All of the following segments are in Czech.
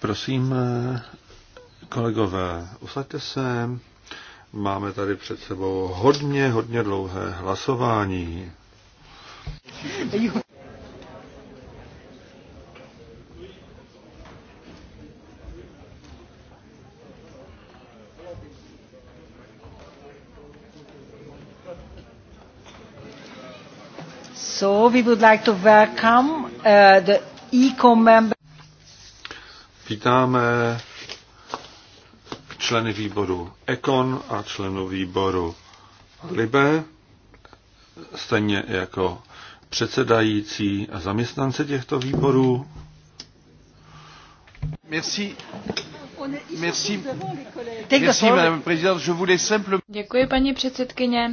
Prosím, kolegové, usaďte se. Máme tady před sebou hodně, hodně dlouhé hlasování. So we would like to welcome uh, the ECO Vítáme členy výboru Econ a členů výboru Libe, stejně jako předsedající a zaměstnance těchto výborů. Merci. Merci. Merci, Merci, Děkuji, paní předsedkyně.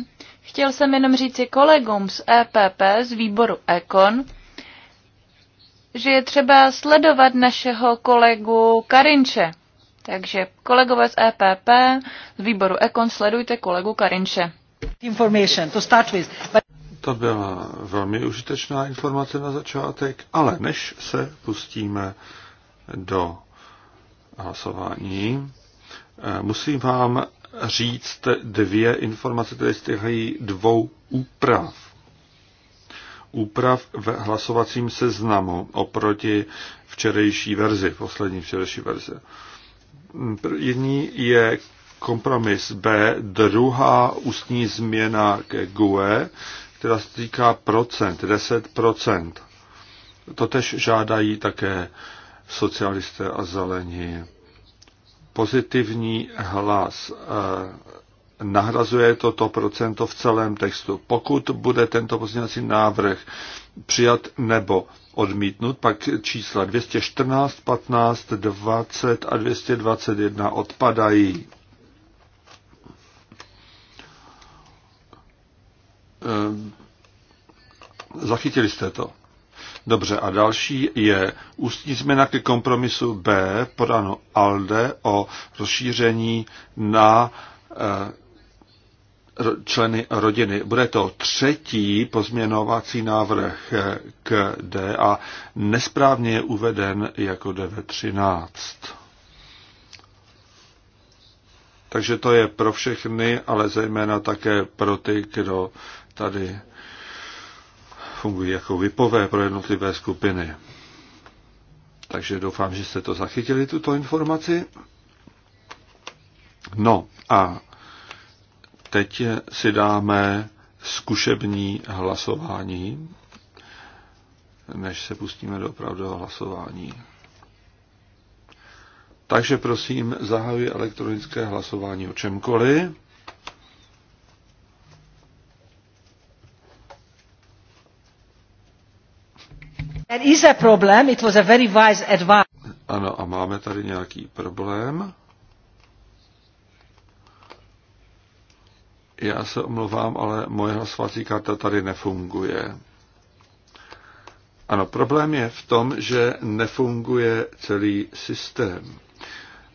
Chtěl jsem jenom říci kolegům z EPP, z výboru Econ, že je třeba sledovat našeho kolegu Karinče. Takže kolegové z EPP, z výboru Ekon, sledujte kolegu Karinče. Information to start with. But... To byla velmi užitečná informace na začátek, ale než se pustíme do hlasování, eh, musím vám říct dvě informace, které se týkají dvou úprav. Úprav v hlasovacím seznamu oproti včerejší verzi, poslední včerejší verze. Jední je kompromis B, druhá ústní změna ke GUE, která se týká procent, 10%. Totež žádají také socialisté a zelení pozitivní hlas. Eh, nahrazuje toto procento v celém textu. Pokud bude tento pozměňovací návrh přijat nebo odmítnut, pak čísla 214, 15, 20 a 221 odpadají. Eh, zachytili jste to. Dobře, a další je ústní změna ke kompromisu B, podano ALDE o rozšíření na eh, členy rodiny. Bude to třetí pozměnovací návrh eh, k D a nesprávně je uveden jako DV13. Takže to je pro všechny, ale zejména také pro ty, kdo tady fungují jako vypové pro jednotlivé skupiny. Takže doufám, že jste to zachytili, tuto informaci. No a teď si dáme zkušební hlasování, než se pustíme do opravdového hlasování. Takže prosím, zahajuji elektronické hlasování o čemkoliv. is a problem. It was a very wise advice. Ano, a máme tady nějaký problém. Já se omlouvám, ale moje hlasovací karta tady nefunguje. Ano, problém je v tom, že nefunguje celý systém.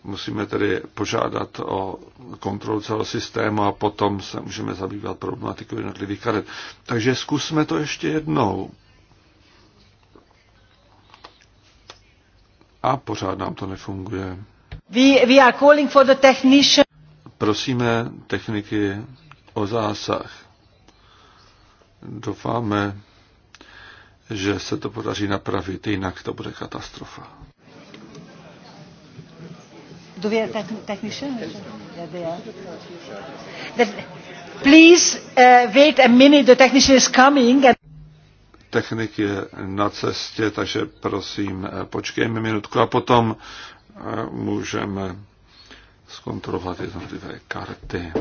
Musíme tedy požádat o kontrolu celého systému a potom se můžeme zabývat problematikou jednotlivých karet. Takže zkusme to ještě jednou. A pořád nám to nefunguje. We, we are calling for the technician. Prosíme techniky o zásah. Doufáme, že se to podaří napravit, jinak to bude katastrofa. Do we have technician? Yeah, they are. please uh, wait a minute, the technician is coming. And technik je na cestě, takže prosím, eh, počkejme minutku a potom eh, můžeme zkontrolovat jednotlivé karty.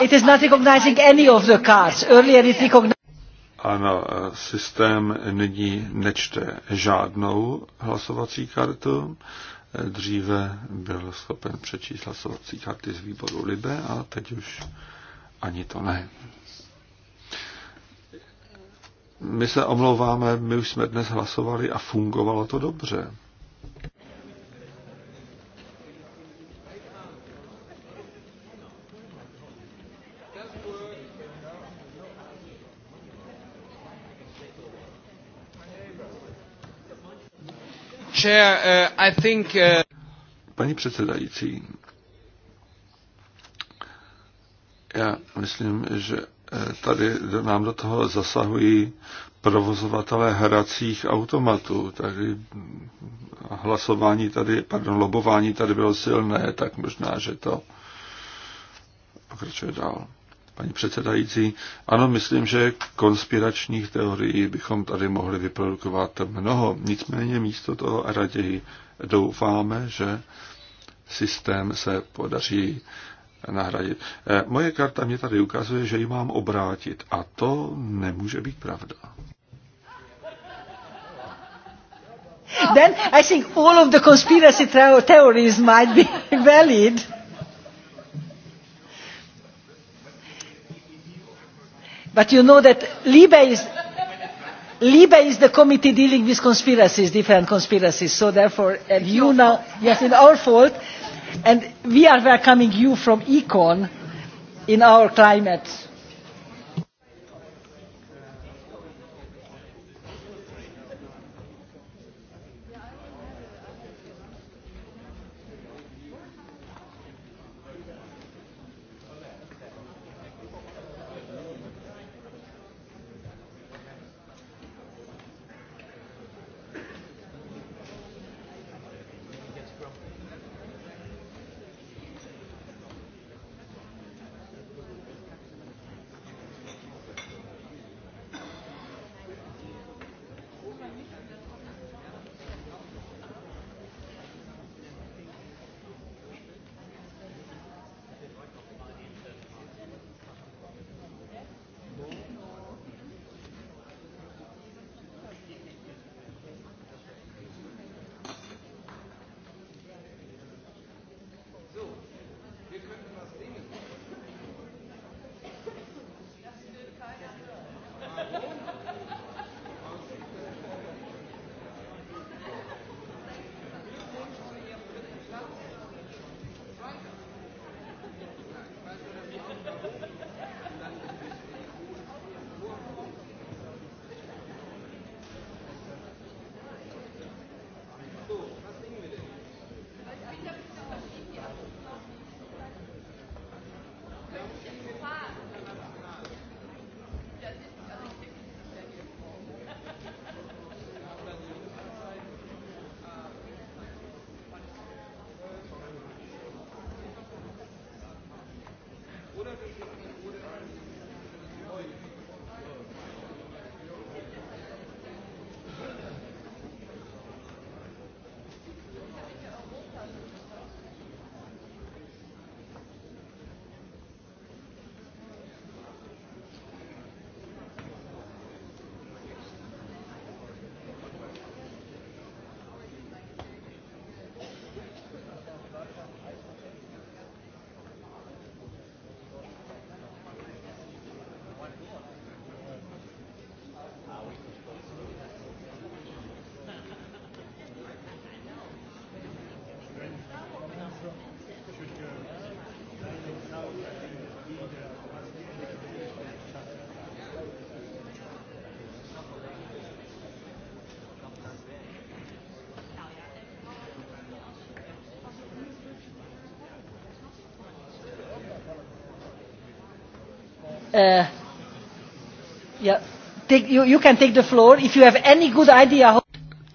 It is not recognizing any of the cards. Earlier it recognized... Ano, systém nyní nečte žádnou hlasovací kartu. Dříve byl schopen přečíst hlasovací karty z výboru Libe a teď už ani to ne. My se omlouváme, my už jsme dnes hlasovali a fungovalo to dobře. Uh, Paní předsedající, já myslím, že eh, tady nám do toho zasahují provozovatelé hracích automatů, takže hlasování tady, pardon, lobování tady bylo silné, tak možná, že to pokračuje dál. Paní předsedající, ano, myslím, že konspiračních teorií bychom tady mohli vyprodukovat mnoho, nicméně místo toho a raději doufáme, že systém se podaří nahradit. Eh, moje karta mě tady ukazuje, že ji mám obrátit a to nemůže být pravda. Then I think all of the conspiracy theories might be valid. But you know that Libya is libe is the committee dealing with conspiracies different conspiracies so therefore uh, and you know yes it's our fault and we are welcoming you from econ in our climate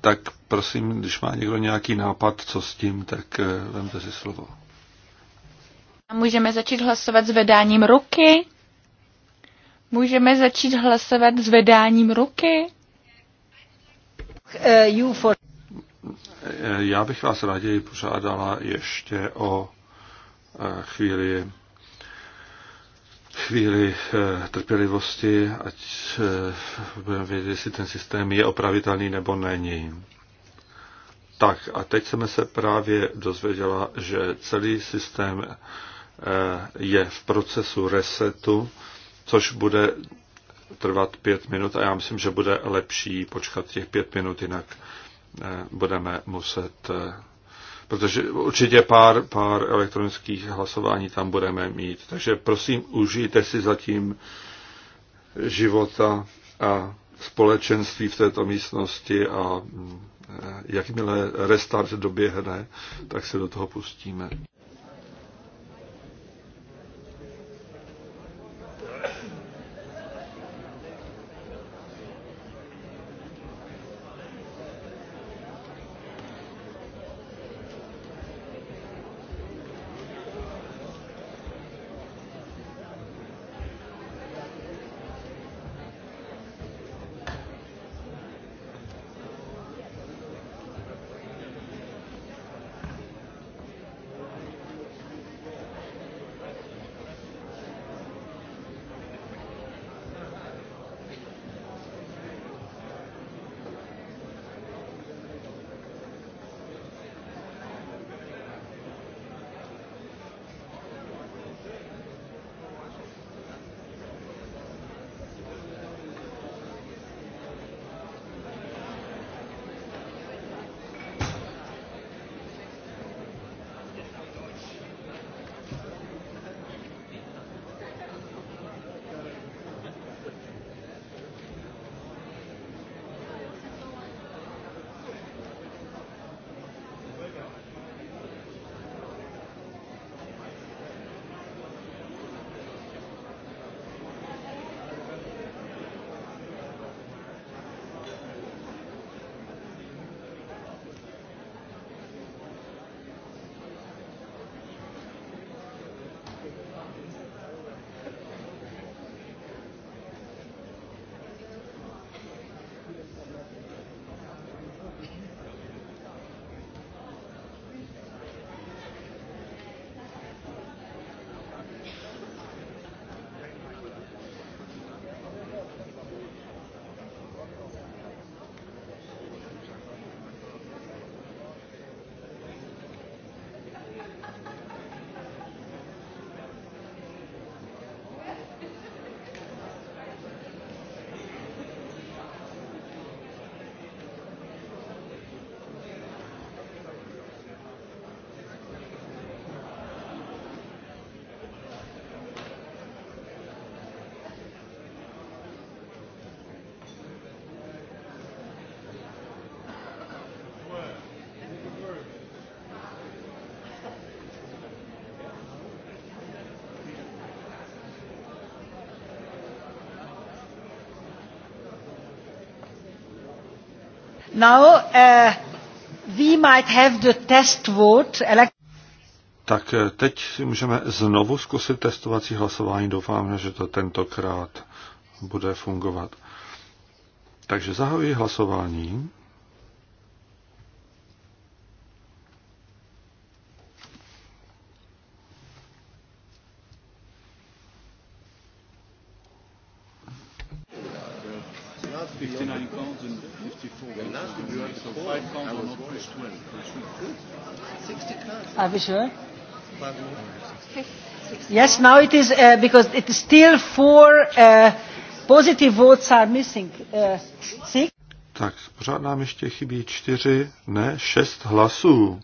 Tak prosím, když má někdo nějaký nápad, co s tím, tak uh, vemte si slovo. A můžeme začít hlasovat s vedáním ruky? Můžeme začít hlasovat s vedáním ruky? Uh, for... Eh, já bych vás raději požádala ještě o eh, chvíli chvíli eh, trpělivosti, ať eh, budeme vědět, jestli ten systém je opravitelný nebo není. Tak a teď jsme se právě dozvěděla, že celý systém eh, je v procesu resetu, což bude trvat pět minut a já myslím, že bude lepší počkat těch pět minut, jinak budeme muset protože určitě pár, pár elektronických hlasování tam budeme mít. Takže prosím, užijte si zatím života a společenství v této místnosti a mm, eh, jakmile restart doběhne, tak se do toho pustíme. Now, uh, we might have the test vote. Tak eh, teď si můžeme znovu zkusit testovací hlasování. Doufám, že to tentokrát bude fungovat. Takže zahajuji hlasování. sir? Yes, now it is uh, because it is still four uh, positive votes are missing. Uh, six. Tak, pořád nám ještě chybí čtyři, ne, šest hlasů.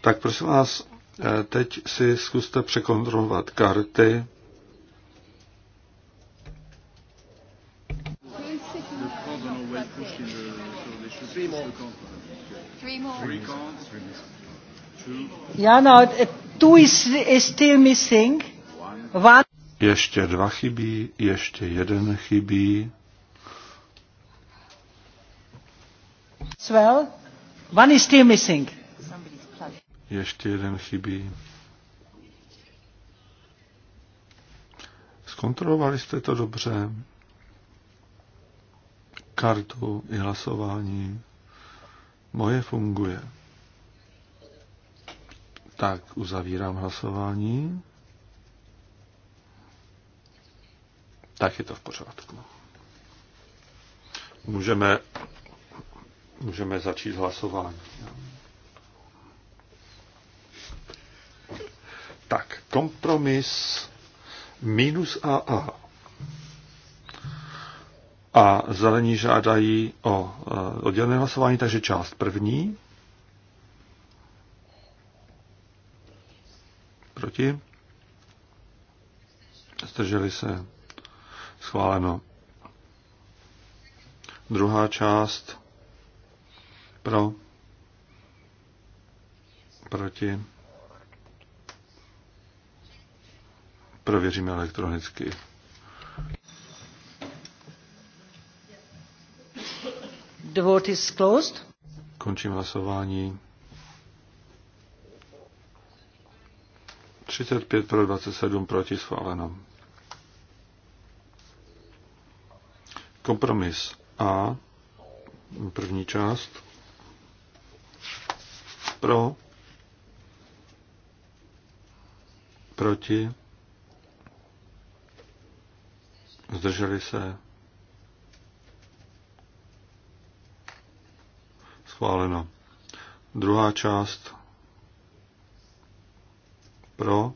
Tak prosím vás, uh, teď si zkuste překontrolovat karty. Three more. Three more. Three more. Já no, two is, is still missing. One. Ještě dva chybí, ještě jeden chybí. Well, one is still missing. Ještě jeden chybí. Zkontrolovali jste to dobře. Kartu i hlasování. Moje funguje. Tak uzavírám hlasování. Tak je to v pořádku. Můžeme, můžeme začít hlasování. Tak, kompromis minus AA. A zelení žádají o eh, oddělené hlasování, takže část první. Proti? Zdrželi se. Schváleno. Druhá část. Pro. Proti. Prověříme elektronicky. The vote is closed. Končím hlasování. 35 pro 27 proti schváleno. Kompromis A, první část, pro, proti, zdrželi se, schváleno. Druhá část pro,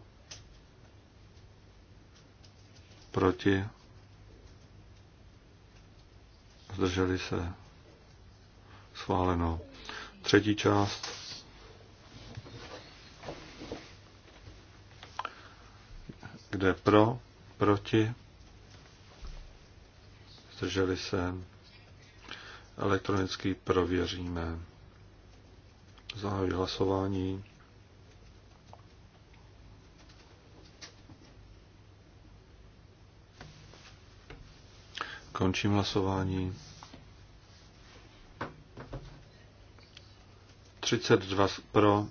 proti, zdrželi se, schváleno. Třetí část, kde pro, proti, zdrželi se, elektronicky prověříme. Zahajuji hlasování. Končím hlasování. 32 pro,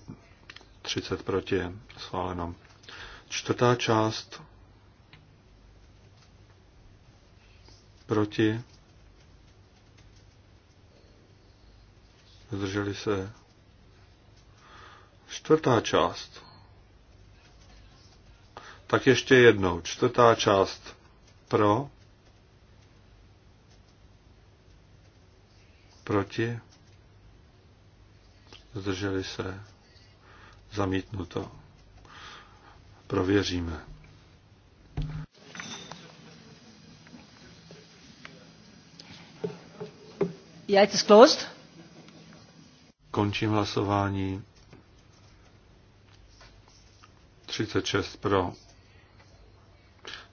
30 proti, schváleno. Čtvrtá část proti, zdrželi se. Čtvrtá část. Tak ještě jednou. Čtvrtá část pro, Proti? Zdrželi se? Zamítnuto. Prověříme. Ja, it is closed. Končím hlasování. 36 pro.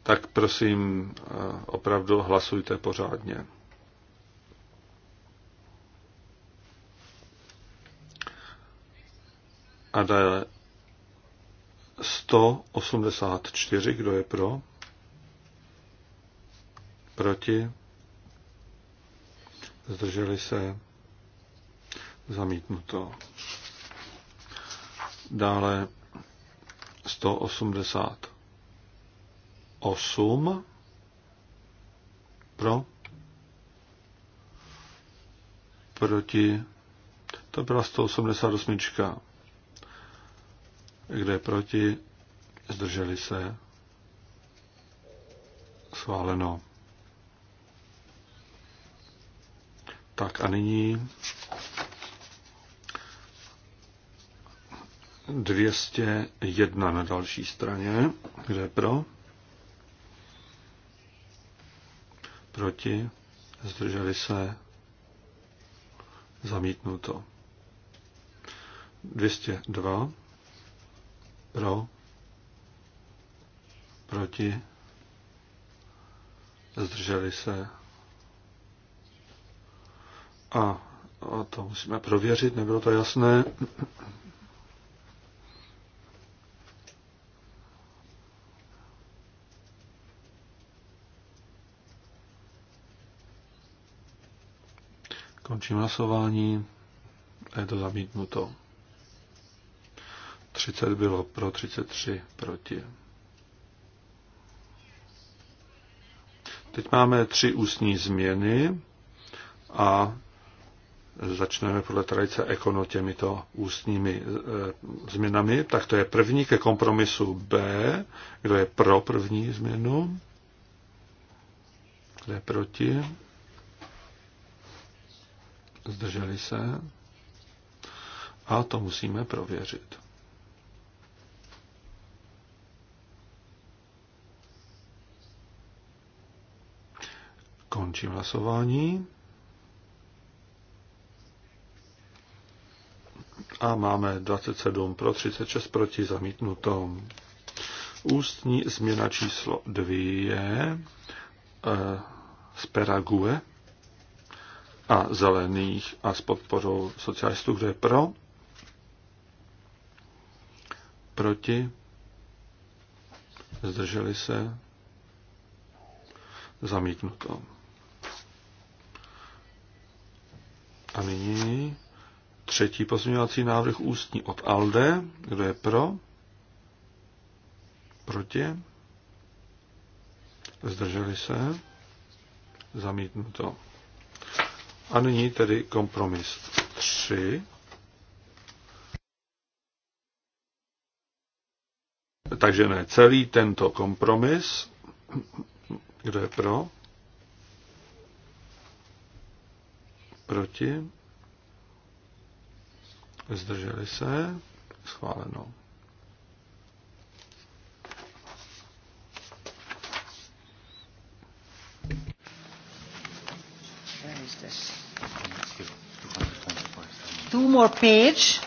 Tak prosím, eh, opravdu hlasujte pořádně. A dále 184, kdo je pro? Proti? Zdrželi se? Zamítnuto. Dále 188 pro, proti, to byla 188 kde proti? Zdrželi se? Schváleno. Tak a nyní 201 na další straně. Kde pro? Proti? Zdrželi se? Zamítnuto. 202 pro. Proti. Zdrželi se. A, a to musíme prověřit, nebylo to jasné. Končím hlasování a je to zamítnuto. 30 bylo pro, 33 proti. Teď máme tři ústní změny a začneme podle tradice ekono těmito ústními e, změnami. Tak to je první ke kompromisu B. Kdo je pro první změnu? Kdo je proti? Zdrželi se? A to musíme prověřit. Končím hlasování. A máme 27 pro 36 proti zamítnuto. Ústní změna číslo 2 je eh, z Perague a zelených a s podporou socialistů, kdo je pro, proti, zdrželi se, zamítnuto. A nyní třetí pozměňovací návrh ústní od ALDE. Kdo je pro? Proti? Zdrželi se? Zamítnuto. A nyní tedy kompromis 3. Takže ne, celý tento kompromis. Kdo je pro? Proti? Zdrželi se? Schváleno. Two more page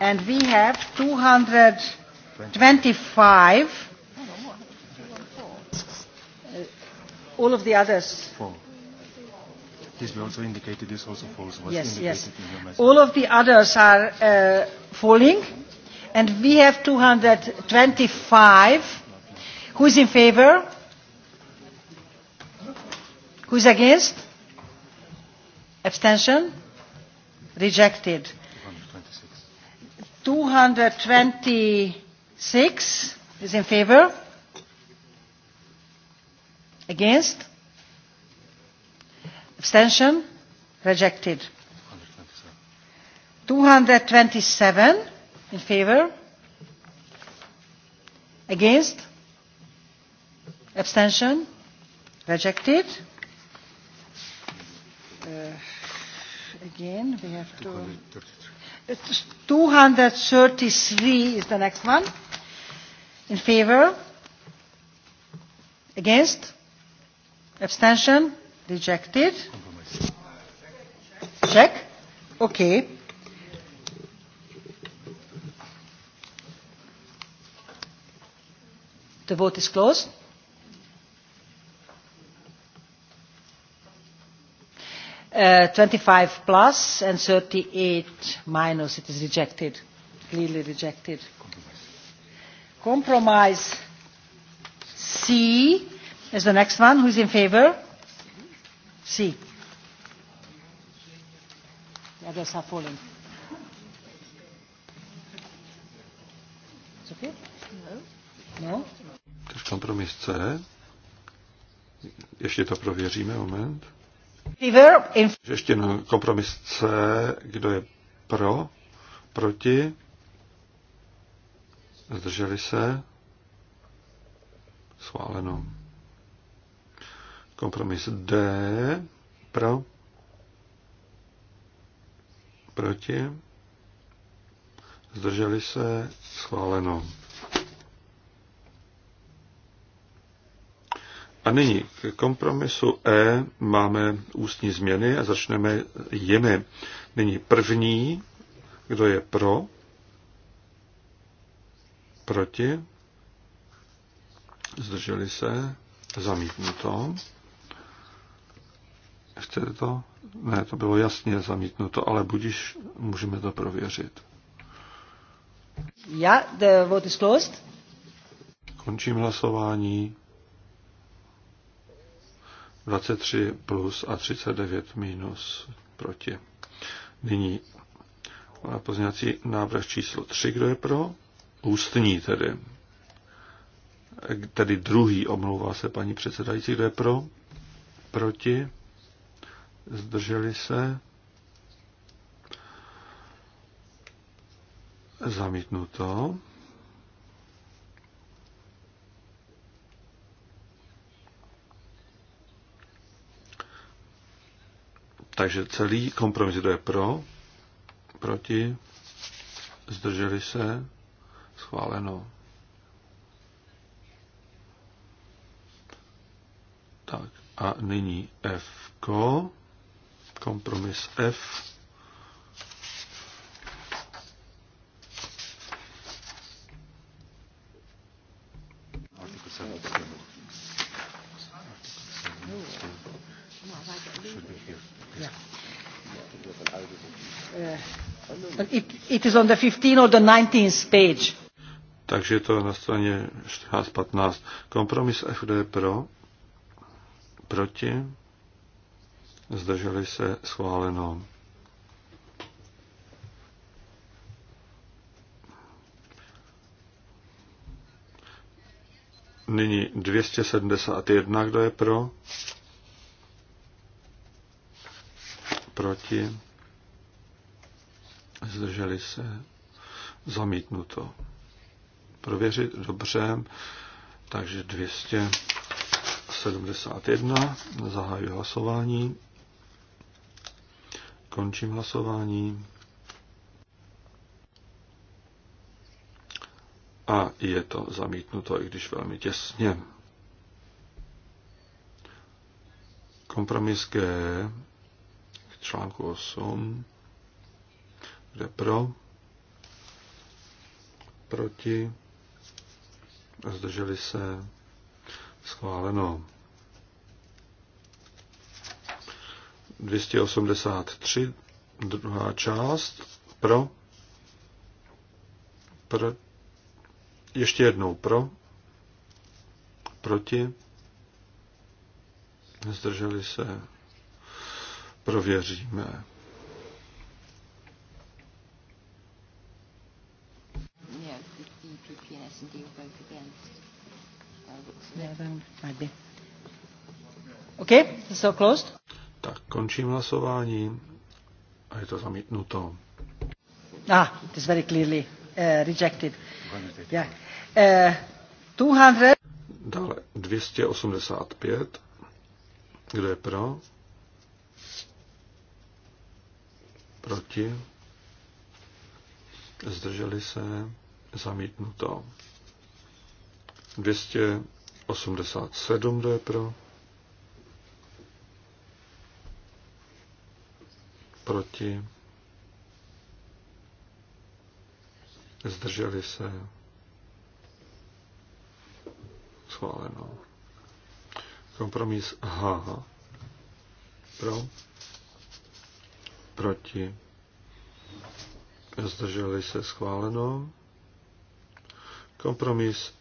and we have 225 all of the others. Four. This we also indicated, this also falls. Was yes, yes. In your message. All of the others are uh, falling, and we have 225. Who is in favor? Who is against? Abstention? Rejected. 226 is in favor. Against? abstention rejected 227 in favor against abstention rejected uh, again we have to 233 is the next one in favor against abstention Rejected. Check. Okay. The vote is closed. Uh, 25 plus and 38 minus. It is rejected. Clearly rejected. Compromise. Compromise C is the next one. Who is in favor? Sí. The others are okay? No. No? C, ještě to prověříme, moment. Ještě na kompromis C, kdo je pro, proti, zdrželi se, schváleno. Kompromis D pro, proti, zdrželi se, schváleno. A nyní k kompromisu E máme ústní změny a začneme jimi. Nyní první, kdo je pro, proti, zdrželi se, zamítnuto. to. Chcete to? Ne, to bylo jasně zamítnuto, ale budíš, můžeme to prověřit. Ja, the vote is closed. Končím hlasování. 23 plus a 39 minus proti. Nyní pozněcí návrh číslo 3, kdo je pro? Ústní tedy. Tedy druhý, omlouvá se paní předsedající, kdo je pro? Proti? zdrželi se, zamítnuto. Takže celý kompromis, kdo je pro, proti, zdrželi se, schváleno. Tak a nyní F. -ko. Kompromis F. Uh, it is on the 15 or the 19th page. Takže to na straně 14-15. Kompromis FD pro, proti, zdrželi se schváleno. Nyní 271, kdo je pro? Proti? Zdrželi se? Zamítnuto. Prověřit dobře. Takže 271. Zahajuji hlasování. Končím hlasování. A je to zamítnuto, i když velmi těsně. Kompromis G k článku 8, kde pro, proti, zdrželi se, schváleno. 283, druhá část, pro, pro, ještě jednou pro, proti, zdrželi se, prověříme. Okay, so closed. Tak končím hlasování a je to zamítnuto. Ah, it is very clearly uh, rejected. Yeah. Uh, 200... Dále 285. Kdo je pro? Proti? Zdrželi se? Zamítnuto. 287. Kdo je pro? proti, zdrželi se, schváleno. Kompromis H, pro, proti, zdrželi se, schváleno. Kompromis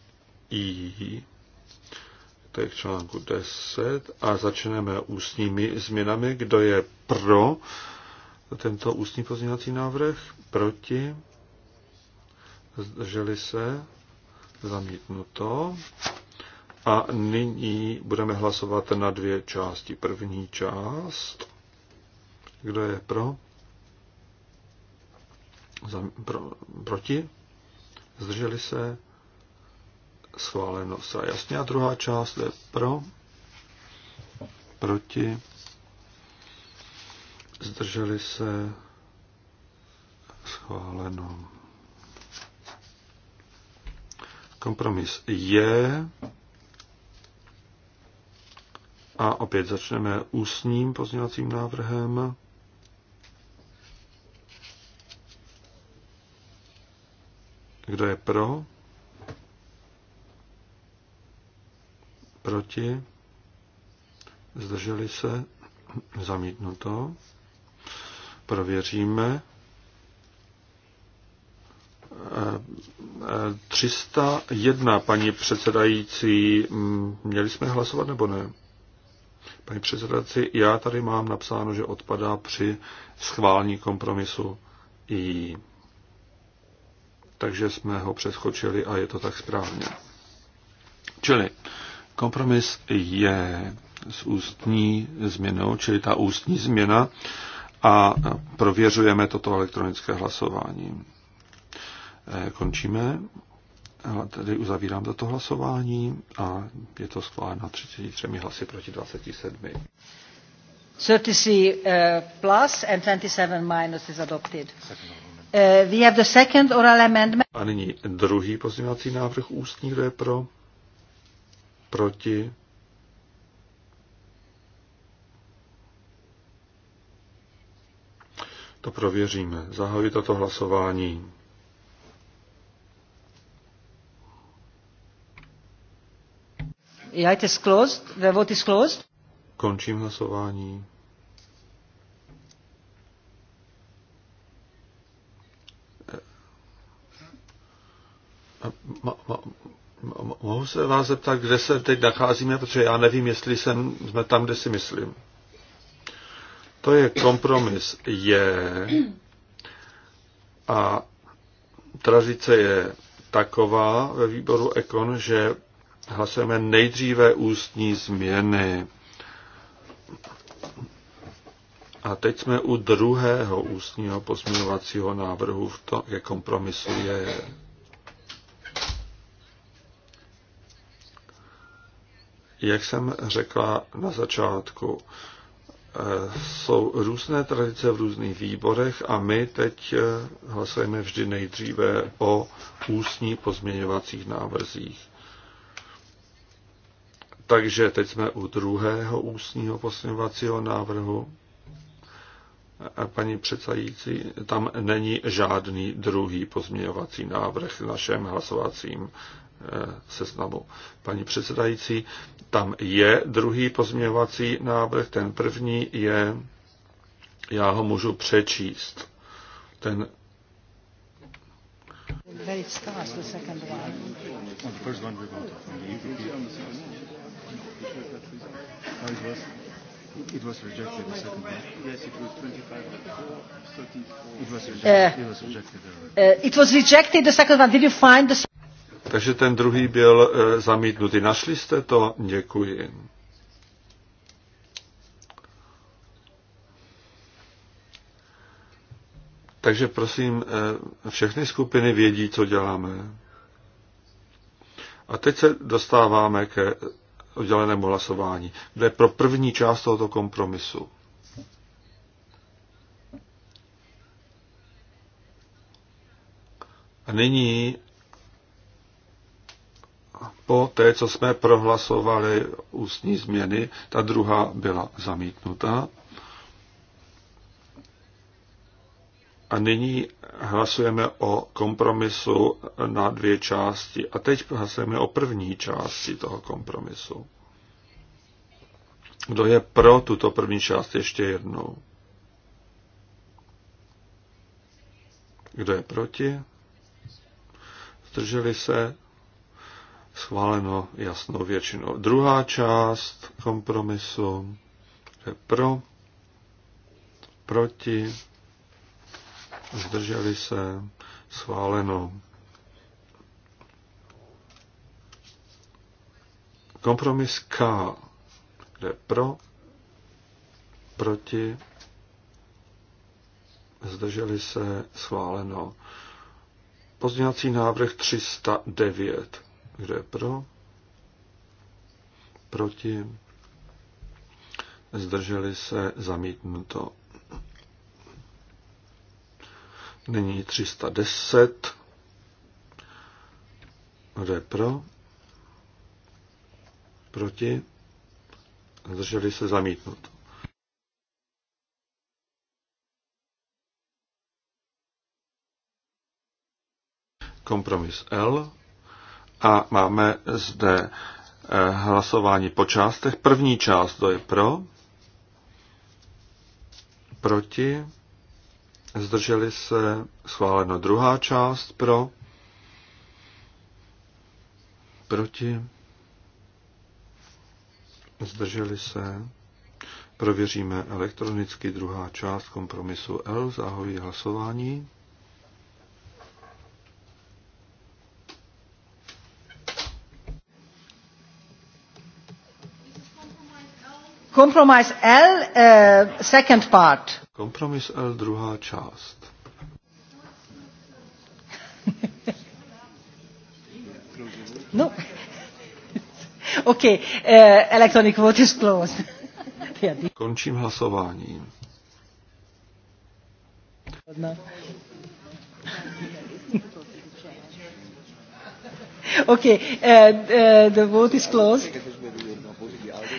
I, to je k článku 10 a začneme ústními změnami. Kdo je pro tento ústní pozměňovací návrh, proti, zdrželi se, zamítnuto. A nyní budeme hlasovat na dvě části. První část, kdo je pro, Zam, pro proti, zdrželi se, schváleno se jasně. A druhá část je pro, proti, zdrželi se, schváleno. Kompromis je a opět začneme ústním pozměňovacím návrhem. Kdo je pro? Proti? Zdrželi se? Zamítnuto. to prověříme. 301, eh, eh, paní předsedající, mm, měli jsme hlasovat nebo ne? Paní předsedající, já tady mám napsáno, že odpadá při schválení kompromisu I. Takže jsme ho přeskočili a je to tak správně. Čili kompromis je s ústní změnou, čili ta ústní změna a prověřujeme toto elektronické hlasování. Eh, končíme, Tady uzavírám toto hlasování a je to schváleno 33 hlasy proti 27. 33 uh, plus and 27 minus is adopted. Uh, we have the second oral amendment. A nyní druhý pozměňovací návrh ústní, kdo je pro? Proti? To prověříme. Zahajuji toto hlasování. Já je closed. The vote Končím hlasování. Eh, mohu se vás zeptat, kde se teď nacházíme, protože já nevím, jestli jsem, jsme tam, kde si myslím. To je kompromis je a tradice je taková ve výboru Ekon, že hlasujeme nejdříve ústní změny. A teď jsme u druhého ústního pozměňovacího návrhu v to, jak kompromisu je. Jak jsem řekla na začátku, jsou různé tradice v různých výborech a my teď eh, hlasujeme vždy nejdříve o ústní pozměňovacích návrzích. Takže teď jsme u druhého ústního pozměňovacího návrhu. paní předsedající, tam není žádný druhý pozměňovací návrh v našem hlasovacím seznamu. Paní předsedající, tam je druhý pozměňovací návrh, ten první je, já ho můžu přečíst. Ten it was? rejected, the second one. Yes, it was 25 it was rejected. Uh, it was rejected, the second one. Did you find the takže ten druhý byl eh, zamítnutý. Našli jste to? Děkuji. Takže prosím, eh, všechny skupiny vědí, co děláme. A teď se dostáváme ke oddělenému hlasování. je pro první část tohoto kompromisu. A nyní po té, co jsme prohlasovali ústní změny, ta druhá byla zamítnuta. A nyní hlasujeme o kompromisu na dvě části. A teď hlasujeme o první části toho kompromisu. Kdo je pro tuto první část ještě jednou? Kdo je proti? Zdrželi se? schváleno jasnou většinou. Druhá část kompromisu je pro, proti, zdrželi se, schváleno. Kompromis K, je pro, proti, zdrželi se, schváleno. Pozdělací návrh 309 kdo je pro? Proti? Zdrželi se zamítnuto. Nyní 310. Kdo je pro? Proti? Zdrželi se zamítnuto. Kompromis L. A máme zde eh, hlasování po částech. První část to je pro, proti, zdrželi se, schváleno druhá část pro, proti, zdrželi se, prověříme elektronicky druhá část kompromisu L, zahojí hlasování. Compromise L, uh, second part. Kompromis L, druhá část. no. OK, uh, electronic vote is closed. Končím hlasování. No. OK, uh, uh, the vote is closed.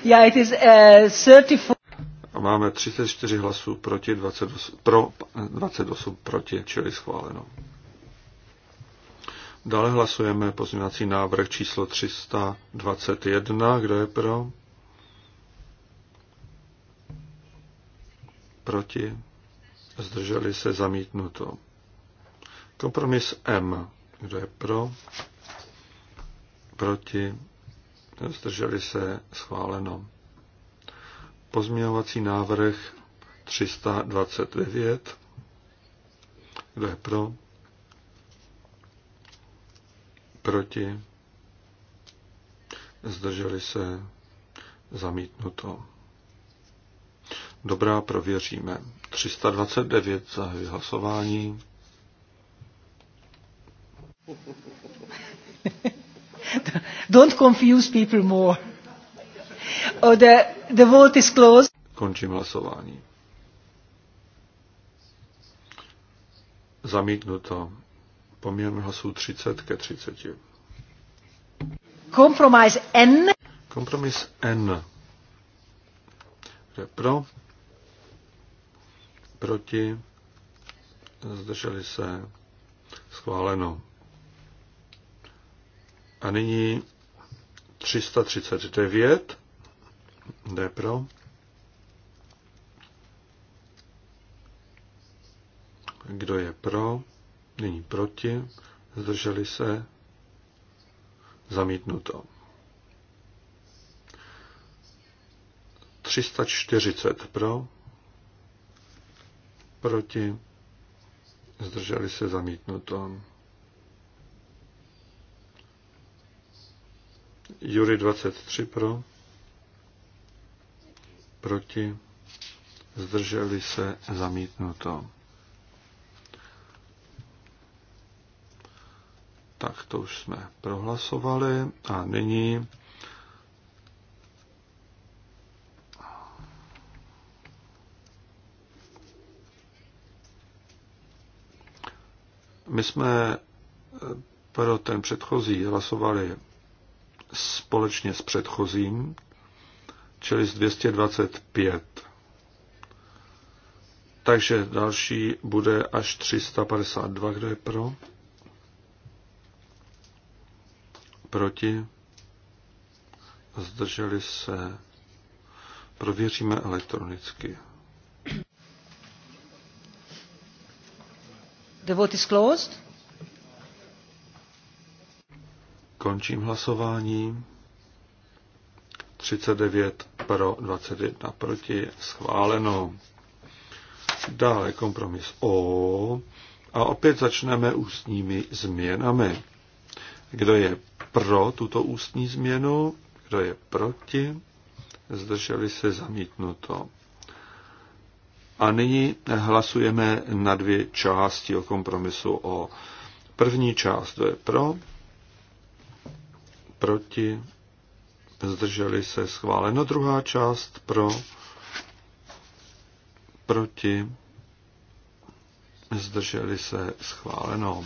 Yeah, it is, uh, 34. A máme 34 hlasů proti, 28, pro, 28 proti, čili schváleno. Dále hlasujeme pozměňovací návrh číslo 321. Kdo je pro? Proti? Zdrželi se zamítnuto. Kompromis M. Kdo je pro? Proti? zdrželi se, schváleno. Pozměňovací návrh 329, kdo je pro, proti, zdrželi se, zamítnuto. Dobrá, prověříme. 329 ha hlasování. Don't confuse people more. Oh, the, the vote is closed. Končím hlasování. Zamítnuto. Poměrem hlasů 30 ke 30. Kompromis N. Kompromis N. Kde pro, proti, zdrželi se, schváleno. A nyní 339. Jde pro. Kdo je pro? Nyní proti. Zdrželi se. Zamítnuto. 340 pro. Proti. Zdrželi se zamítnuto. Jury 23 pro, proti, zdrželi se, zamítnuto. Tak to už jsme prohlasovali a nyní my jsme pro ten předchozí hlasovali společně s předchozím, čili z 225. Takže další bude až 352, kdo je pro. Proti. Zdrželi se. Prověříme elektronicky. The vote is closed. Končím hlasování. 39 pro, 21 proti, schváleno. Dále kompromis O. A opět začneme ústními změnami. Kdo je pro tuto ústní změnu? Kdo je proti? Zdrželi se zamítnuto. A nyní hlasujeme na dvě části o kompromisu o první část, to je pro, proti, zdrželi se schváleno. Druhá část pro, proti, zdrželi se schváleno.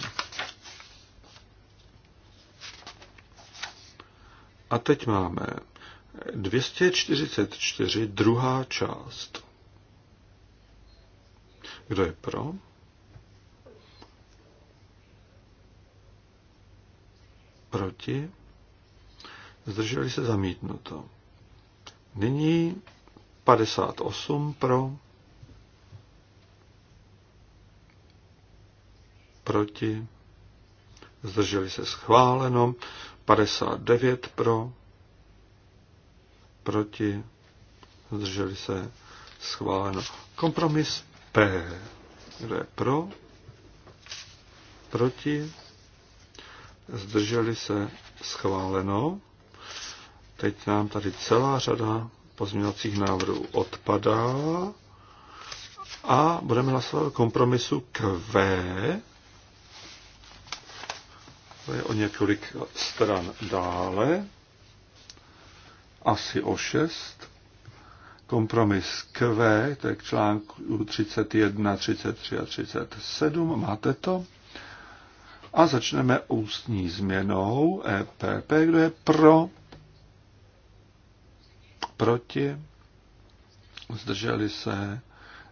A teď máme 244, druhá část. Kdo je pro? Proti? zdrželi se zamítnuto. Nyní 58 pro, proti, zdrželi se schváleno, 59 pro, proti, zdrželi se schváleno. Kompromis P, kdo je pro, proti, zdrželi se schváleno. Teď nám tady celá řada pozměňovacích návrhů odpadá a budeme hlasovat o kompromisu Q. To je o několik stran dále, asi o šest. Kompromis Q, to je k článku 31, 33 a 37. Máte to? A začneme ústní změnou EPP, kdo je pro proti, zdrželi se,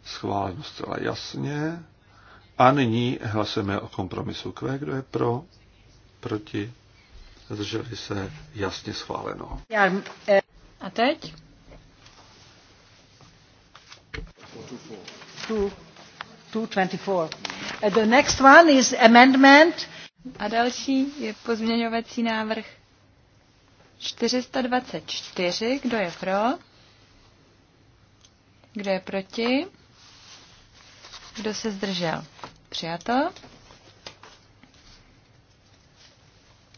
schváleno zcela jasně. A nyní hlasujeme o kompromisu Q, kdo je pro, proti, zdrželi se, jasně schváleno. Eh, A teď? Two, two eh, The next one is amendment. A další je pozměňovací návrh 424, kdo je pro? Kdo je proti? Kdo se zdržel? Přijato.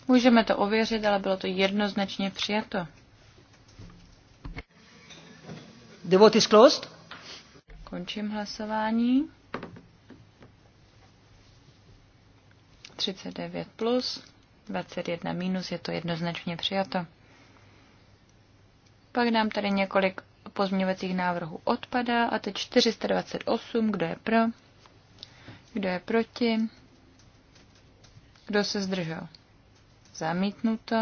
Můžeme to ověřit, ale bylo to jednoznačně přijato. The vote is closed. Končím hlasování. 39 plus. 21 minus, je to jednoznačně přijato. Pak nám tady několik pozměňovacích návrhů odpadá a teď 428, kdo je pro, kdo je proti, kdo se zdržel. Zamítnuto.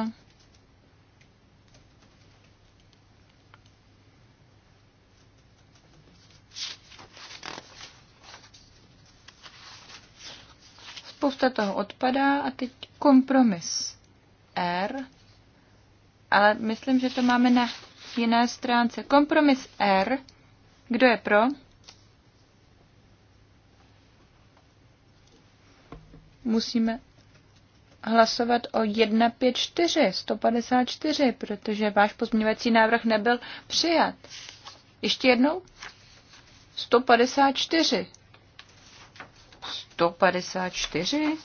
spousta toho odpadá a teď kompromis R, ale myslím, že to máme na jiné stránce. Kompromis R, kdo je pro? Musíme hlasovat o 154, 154, protože váš pozměňovací návrh nebyl přijat. Ještě jednou? 154. 154?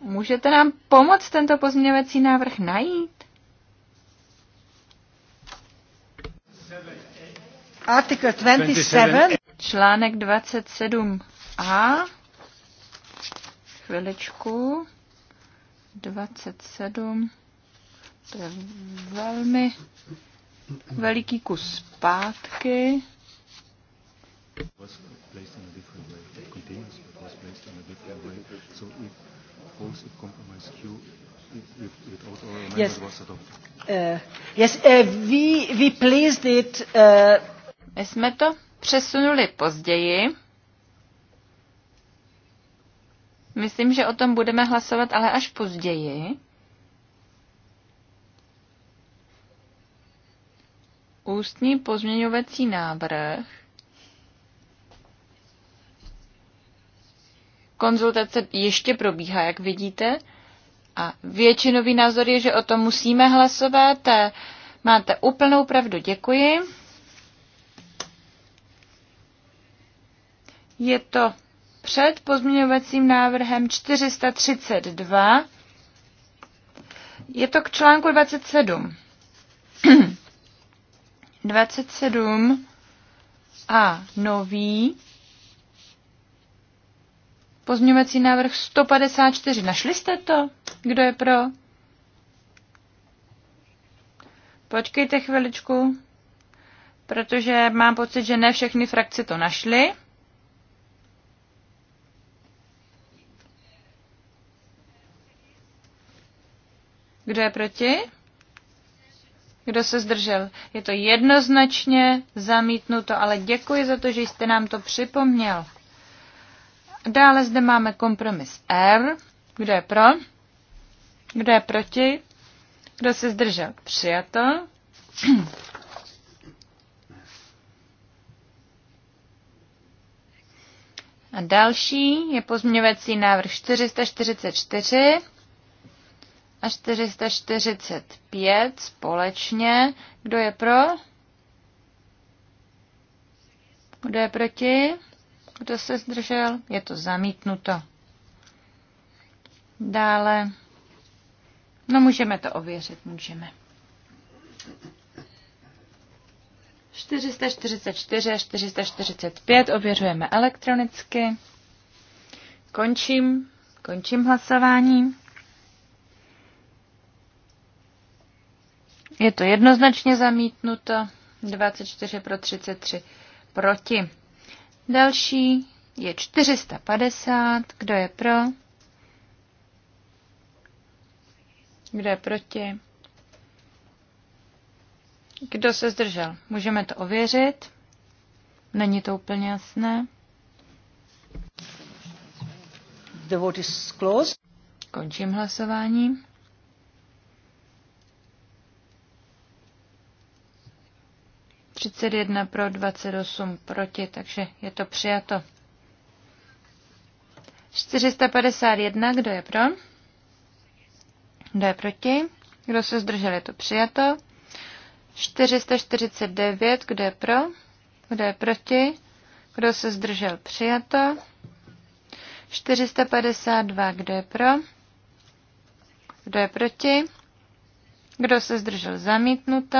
Můžete nám pomoct tento pozměňovací návrh najít? Article 27. Článek 27a. Chviličku. 27. To je velmi veliký kus zpátky. Yes. Uh, yes, uh, we, we placed it, uh... My jsme to přesunuli později. Myslím, že o tom budeme hlasovat, ale až později. ústní pozměňovací návrh Konzultace ještě probíhá, jak vidíte. A většinový názor je, že o tom musíme hlasovat. Máte úplnou pravdu, děkuji. Je to před pozměňovacím návrhem 432. Je to k článku 27. 27 a nový pozměňovací návrh 154. Našli jste to? Kdo je pro? Počkejte chviličku, protože mám pocit, že ne všechny frakce to našly. Kdo je proti? Kdo se zdržel? Je to jednoznačně zamítnuto, ale děkuji za to, že jste nám to připomněl. Dále zde máme kompromis R. Kdo je pro? Kdo je proti? Kdo se zdržel? Přijato. A další je pozměňovací návrh 444 a 445 společně. Kdo je pro? Kdo je proti? Kdo se zdržel? Je to zamítnuto. Dále. No můžeme to ověřit, můžeme. 444 a 445 ověřujeme elektronicky. Končím, končím hlasování. Je to jednoznačně zamítnuto. 24 pro 33 proti. Další je 450. Kdo je pro? Kdo je proti? Kdo se zdržel? Můžeme to ověřit. Není to úplně jasné. The vote is closed. Končím hlasování. 31 pro, 28 proti, takže je to přijato. 451, kdo je pro? Kdo je proti? Kdo se zdržel, je to přijato. 449, kdo je pro? Kdo je proti? Kdo se zdržel, přijato. 452, kdo je pro? Kdo je proti? Kdo se zdržel, zamítnuto.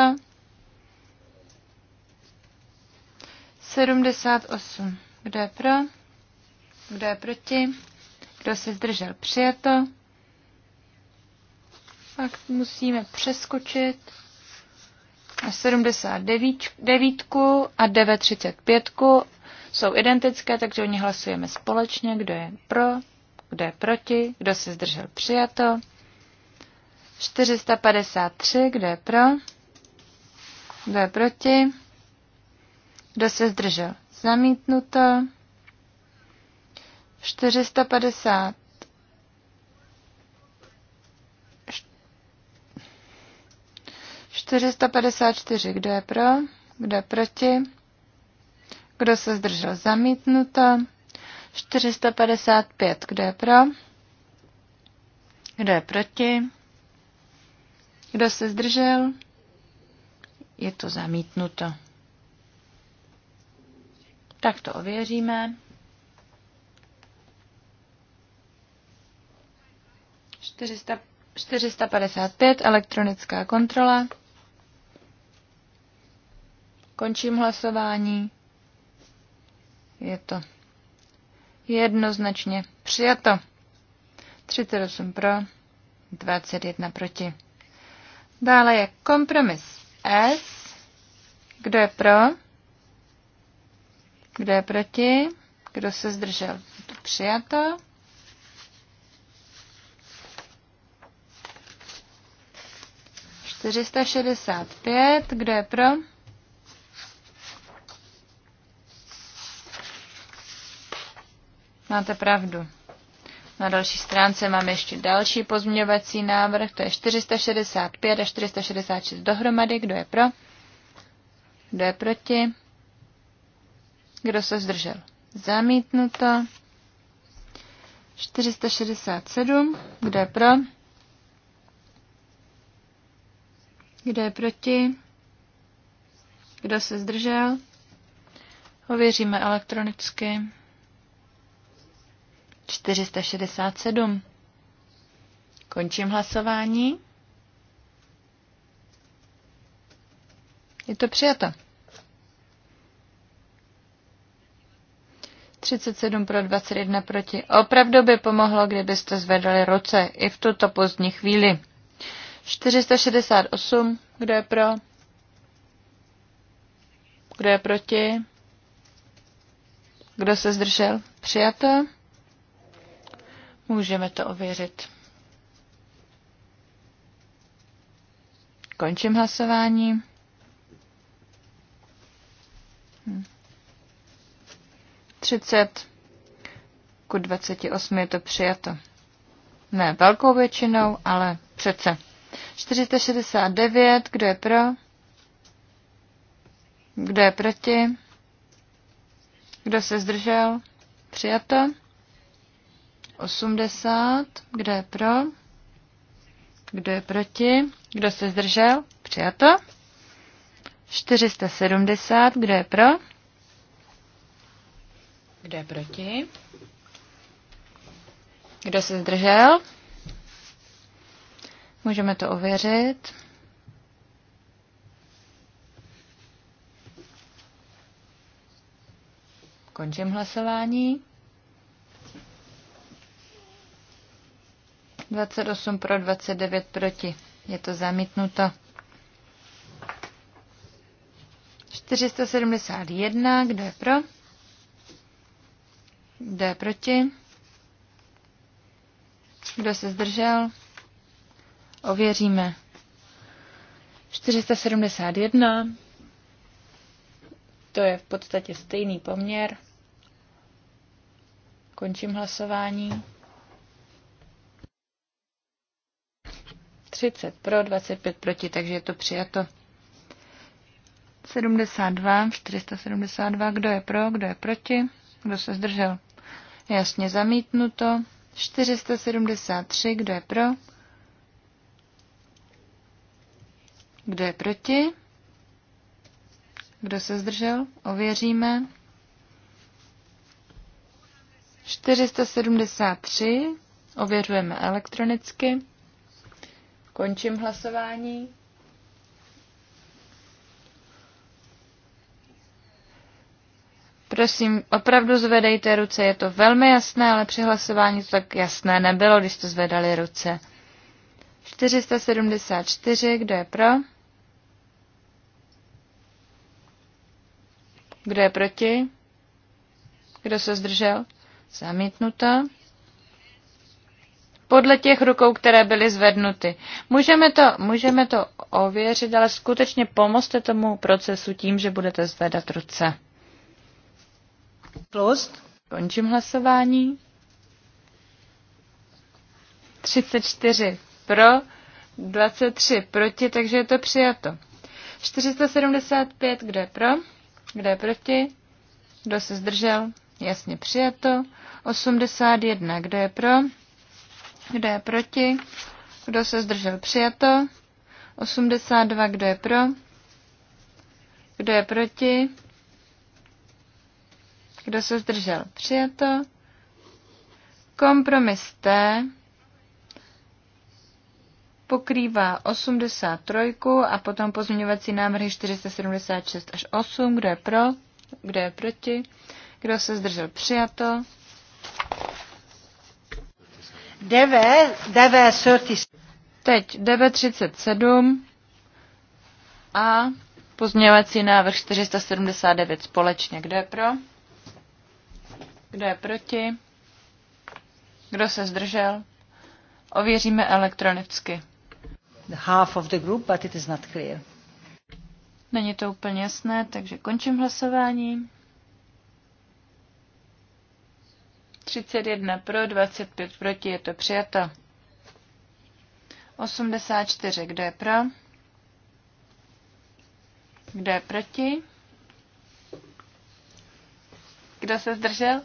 78. Kdo je pro? Kdo je proti? Kdo se zdržel? Přijeto. Pak musíme přeskočit A 79 a 935 jsou identické, takže o ně hlasujeme společně. Kdo je pro? Kdo je proti? Kdo se zdržel? Přijato. 453. Kdo je pro? Kdo je proti? Kdo se zdržel? Zamítnuto. 450. 454. Kdo je pro? Kdo je proti? Kdo se zdržel? Zamítnuto. 455. Kdo je pro? Kdo je proti? Kdo se zdržel? Je to zamítnuto. Tak to ověříme. Čtyřista, 455 elektronická kontrola. Končím hlasování. Je to jednoznačně přijato. 38 pro, 21 proti. Dále je kompromis S. Kdo je pro? Kdo je proti? Kdo se zdržel? Přijato. Čtyřista šedesát pět. Kdo je pro? Máte pravdu. Na další stránce mám ještě další pozměňovací návrh, to je 465 a 466 dohromady. Kdo je pro? Kdo je proti? Kdo se zdržel? Zamítnuto. 467. Kdo je pro? Kdo je proti? Kdo se zdržel? Ověříme elektronicky. 467. Končím hlasování. Je to přijato. 37 pro 21 proti. Opravdu by pomohlo, kdybyste zvedali ruce i v tuto pozdní chvíli. 468, kdo je pro? Kdo je proti? Kdo se zdržel? Přijato? Můžeme to ověřit. Končím hlasování. 30 ku 28 je to přijato. Ne velkou většinou, ale přece. 469, kdo je pro? Kdo je proti? Kdo se zdržel? Přijato. 80, kdo je pro? Kdo je proti? Kdo se zdržel? Přijato. 470, kdo je pro? Kdo je proti? Kdo se zdržel? Můžeme to ověřit. Končím hlasování. 28 pro 29 proti. Je to zamítnuto. 471, kdo je pro? Kdo je proti? Kdo se zdržel? Ověříme. 471. To je v podstatě stejný poměr. Končím hlasování. 30 pro, 25 proti, takže je to přijato. 72, 472, kdo je pro, kdo je proti, kdo se zdržel. Jasně zamítnuto. 473, kdo je pro? Kdo je proti? Kdo se zdržel? Ověříme. 473 ověřujeme elektronicky. Končím hlasování. Prosím, opravdu zvedejte ruce, je to velmi jasné, ale při hlasování to tak jasné nebylo, když jste zvedali ruce. 474, kdo je pro? Kdo je proti? Kdo se zdržel? Zamítnuta. Podle těch rukou, které byly zvednuty. Můžeme to, můžeme to ověřit, ale skutečně pomozte tomu procesu tím, že budete zvedat ruce. Closed. Končím hlasování. 34 pro, 23 proti, takže je to přijato. 475, kdo je pro, kdo je proti, kdo se zdržel, jasně přijato. 81, kdo je pro, kdo je proti, kdo se zdržel, přijato. 82, kdo je pro, kdo je proti, kdo se zdržel? Přijato. Kompromis T pokrývá 83 a potom pozměňovací návrhy 476 až 8. Kdo je pro? Kdo je proti? Kdo se zdržel? Přijato. DV, DV Teď DV 37 a pozměňovací návrh 479 společně. Kdo je pro? Kdo je proti? Kdo se zdržel? Ověříme elektronicky. The half of the group, but it is not clear. Není to úplně jasné, takže končím hlasování. 31 pro, 25 proti, je to přijato. 84, kdo je pro? Kdo je proti? Kdo se zdržel?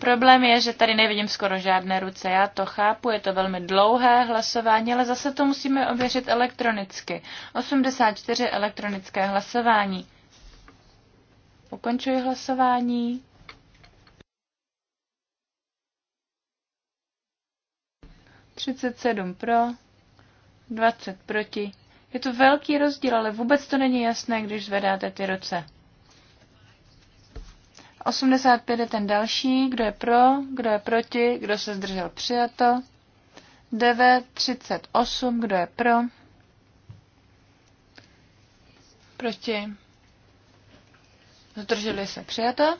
Problém je, že tady nevidím skoro žádné ruce. Já to chápu, je to velmi dlouhé hlasování, ale zase to musíme ověřit elektronicky. 84 elektronické hlasování. Ukončuji hlasování. Třicet sedm pro, dvacet proti. Je to velký rozdíl, ale vůbec to není jasné, když zvedáte ty ruce. 85 je ten další, kdo je pro, kdo je proti, kdo se zdržel přijato. 938, kdo je pro, proti, zdrželi se přijato.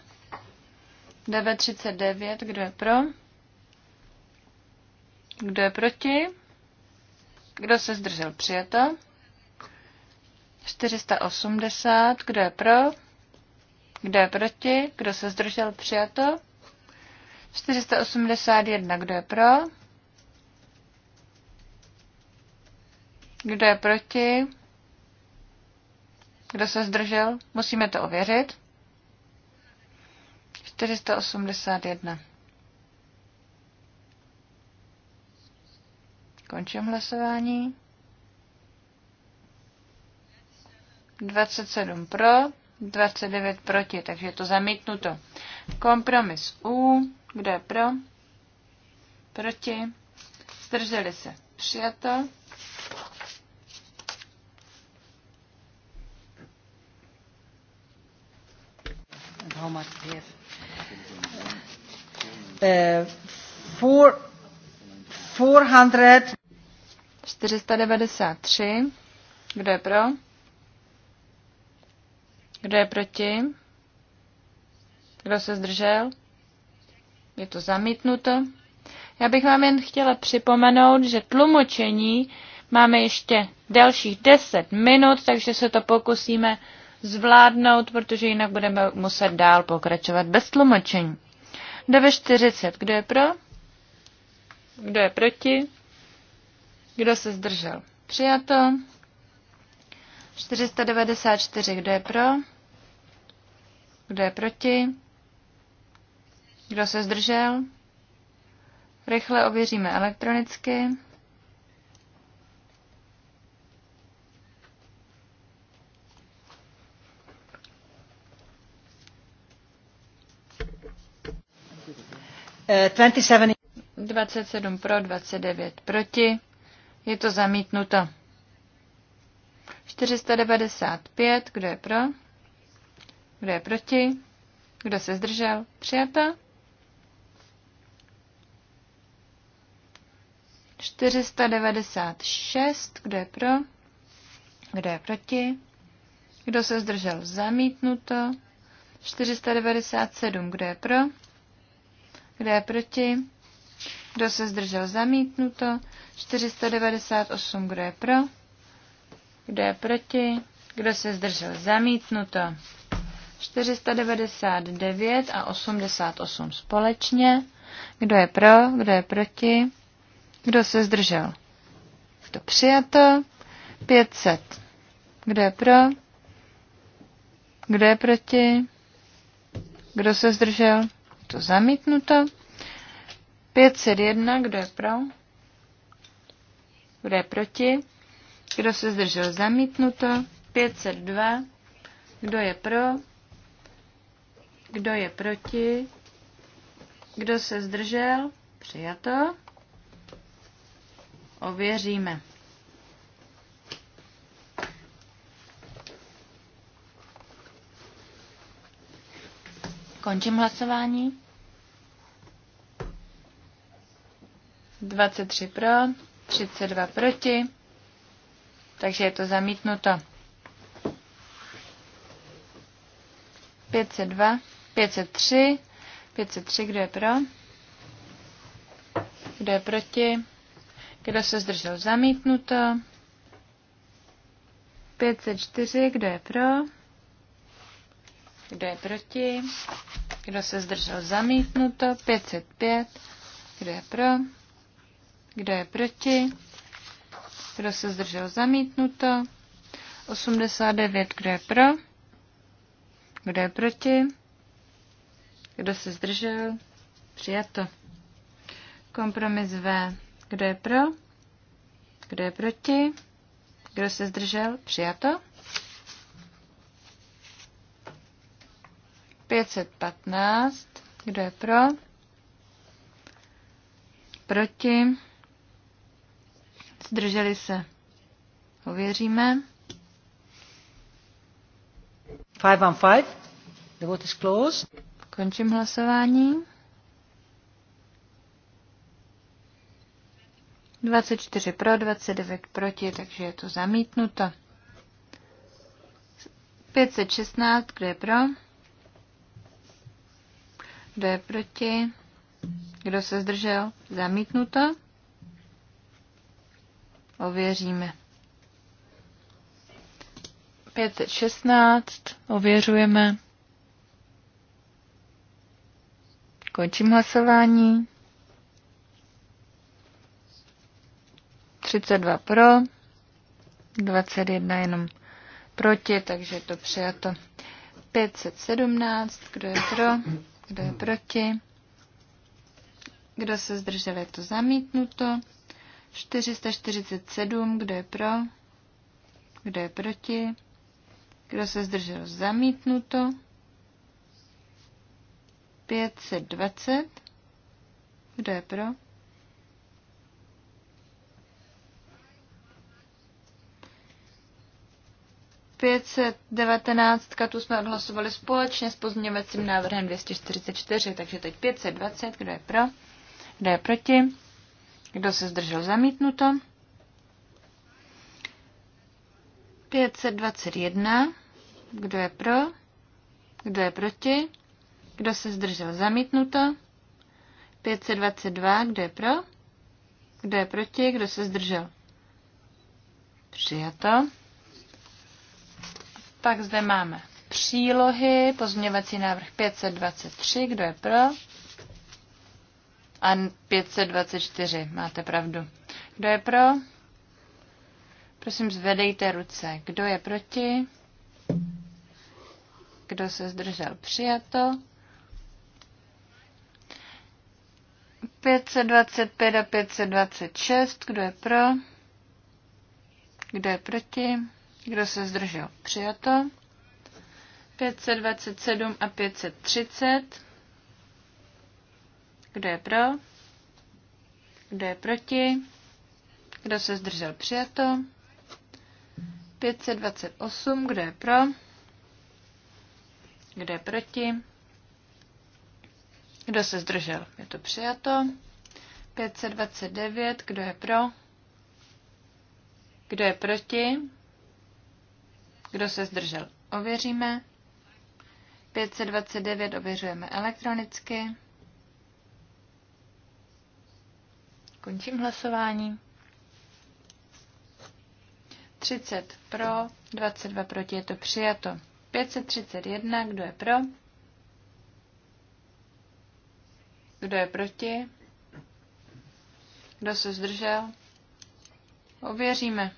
939, kdo je pro, kdo je proti, kdo se zdržel přijato. 480, kdo je pro, kdo je proti? Kdo se zdržel? Přijato. 481. Kdo je pro? Kdo je proti? Kdo se zdržel? Musíme to ověřit. 481. Končím hlasování. 27 pro, 29 proti, takže je to zamítnuto. Kompromis U, kdo je pro? Proti. Zdrželi se. Přijato. how much we have. Uh, four, 493. Kdo je pro? Kdo je proti? Kdo se zdržel? Je to zamítnuto. Já bych vám jen chtěla připomenout, že tlumočení máme ještě dalších 10 minut, takže se to pokusíme zvládnout, protože jinak budeme muset dál pokračovat bez tlumočení. 9.40. Kdo je pro? Kdo je proti? Kdo se zdržel? Přijato. 494, kdo je pro? Kdo je proti? Kdo se zdržel? Rychle ověříme elektronicky. Uh, 27. 27 pro, 29 proti. Je to zamítnuto. 495, kdo je pro? Kdo je proti? Kdo se zdržel? Přijata. 496, kdo je pro? Kdo je proti? Kdo se zdržel? Zamítnuto. 497, kdo je pro? Kdo je proti? Kdo se zdržel? Zamítnuto. 498, kdo je pro? Kdo je proti? Kdo se zdržel? Zamítnuto. 499 a 88 společně. Kdo je pro? Kdo je proti? Kdo se zdržel? To přijato. 500. Kdo je pro? Kdo je proti? Kdo se zdržel? To zamítnuto. 501. Kdo je pro? Kdo je proti? Kdo se zdržel? Zamítnuto. 502. Kdo je pro? Kdo je proti? Kdo se zdržel? Přijato. Ověříme. Končím hlasování. 23 pro, 32 proti takže je to zamítnuto. 502, 503, 503, kdo je pro? Kdo je proti? Kdo se zdržel zamítnuto? 504, kdo je pro? Kdo je proti? Kdo se zdržel zamítnuto? 505, kdo je pro? Kdo je proti? kdo se zdržel zamítnuto, 89, kdo je pro, kdo je proti, kdo se zdržel, přijato. Kompromis V, kdo je pro, kdo je proti, kdo se zdržel, přijato. 515, kdo je pro, proti, Zdrželi se. Ověříme. Five on five. The vote is closed. Končím hlasování. 24 pro, 29 proti, takže je to zamítnuto. 516, kdo je pro? Kdo je proti? Kdo se zdržel? Zamítnuto. Ověříme. 516, ověřujeme. Končím hlasování. 32 pro, 21 jenom proti, takže je to přijato. 517, kdo je pro, kdo je proti, kdo se zdržel, je to zamítnuto. 447, kdo je pro, kdo je proti, kdo se zdržel zamítnuto, 520, kdo je pro, devatenáctka, tu jsme odhlasovali společně s pozměňovacím návrhem 244, takže teď 520, kdo je pro, kdo je proti. Kdo se zdržel zamítnuto? 521. Kdo je pro? Kdo je proti? Kdo se zdržel zamítnuto? 522. Kdo je pro? Kdo je proti? Kdo se zdržel? Přijato. Pak zde máme přílohy. Pozměňovací návrh 523. Kdo je pro? A 524, máte pravdu. Kdo je pro? Prosím, zvedejte ruce. Kdo je proti? Kdo se zdržel? Přijato. 525 a 526. Kdo je pro? Kdo je proti? Kdo se zdržel? Přijato. 527 a 530. Kdo je pro? Kdo je proti? Kdo se zdržel? Přijato. 528. Kdo je pro? Kdo je proti? Kdo se zdržel? Je to přijato. 529. Kdo je pro? Kdo je proti? Kdo se zdržel? Ověříme. 529 ověřujeme elektronicky. Končím hlasování. 30 pro, 22 proti, je to přijato. 531, kdo je pro? Kdo je proti? Kdo se zdržel? Ověříme.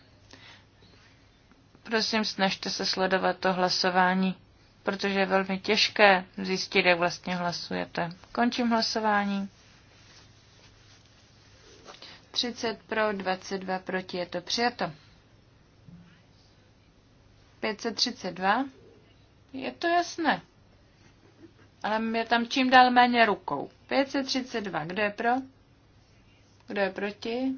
Prosím, snažte se sledovat to hlasování, protože je velmi těžké zjistit, jak vlastně hlasujete. Končím hlasování. 30 pro, 22 proti, je to přijato. 532, je to jasné. Ale je tam čím dál méně rukou. 532, kdo je pro? Kdo je proti?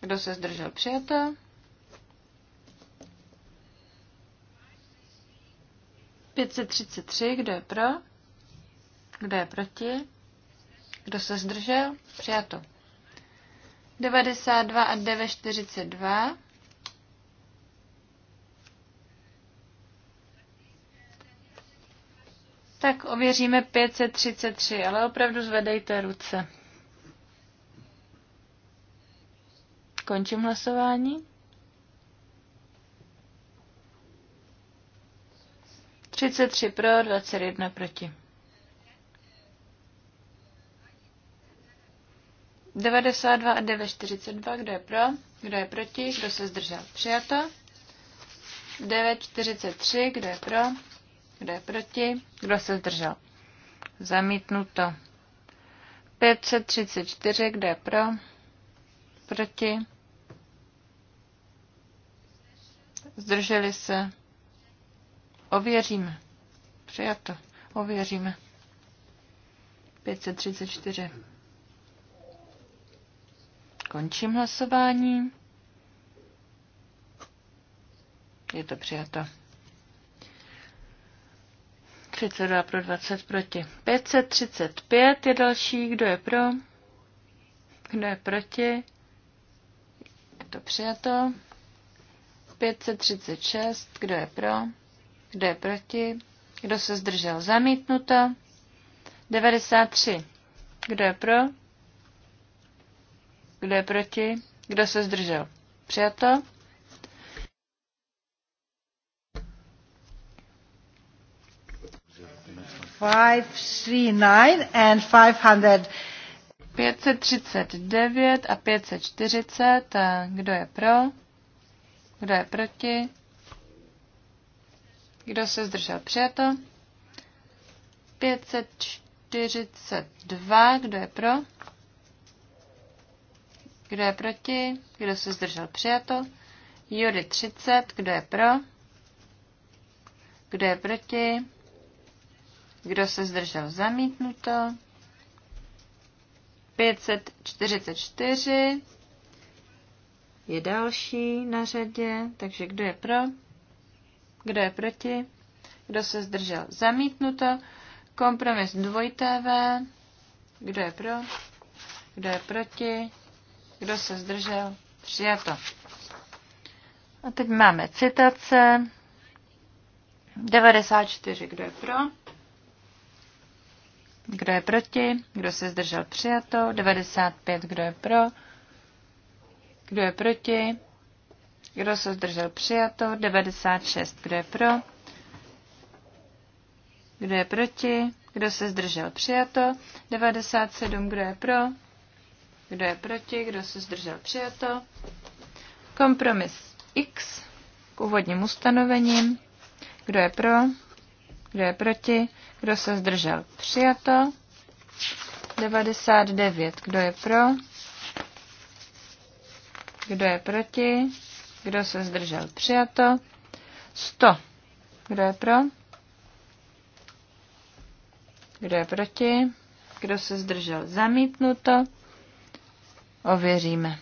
Kdo se zdržel přijato? 533, kdo je pro? Kdo je proti? Kdo se zdržel? Přijato. 92 a 942. Tak ověříme 533, ale opravdu zvedejte ruce. Končím hlasování. 33 pro, 21 proti. 92 a 942, kdo je pro, kdo je proti, kdo se zdržel, přijato. 943, kdo je pro, kdo je proti, kdo se zdržel, zamítnuto. 534, kdo je pro, proti, zdrželi se, ověříme, přijato, ověříme. 534. Končím hlasování. Je to přijato. 32 pro 20 proti. 535 je další. Kdo je pro? Kdo je proti? Je to přijato. 536. Kdo je pro? Kdo je proti? Kdo se zdržel? Zamítnuto. 93. Kdo je pro? Kdo je proti? Kdo se zdržel? Přijato. and 539 a 540. kdo je pro? Kdo je proti? Kdo se zdržel? Přijato. 542. Kdo je pro? Kdo je proti? Kdo se zdržel? Přijato. Jury 30. Kdo je pro? Kdo je proti? Kdo se zdržel? Zamítnuto. 544 je další na řadě, takže kdo je pro? Kdo je proti? Kdo se zdržel? Zamítnuto. Kompromis 2TV. Kdo je pro? Kdo je proti? Kdo se zdržel? Přijato. A teď máme citace. 94. Kdo je pro? Kdo je proti? Kdo se zdržel? Přijato. 95. Kdo je pro? Kdo je proti? Kdo se zdržel? Přijato. 96. Kdo je pro? Kdo je proti? Kdo se zdržel? Přijato. 97. Kdo je pro? Kdo je proti? Kdo se zdržel? Přijato. Kompromis X k úvodním ustanovením. Kdo je pro? Kdo je proti? Kdo se zdržel? Přijato. 99. Kdo je pro? Kdo je proti? Kdo se zdržel? Přijato. 100. Kdo je pro? Kdo je proti? Kdo se zdržel? Zamítnuto. Ověříme.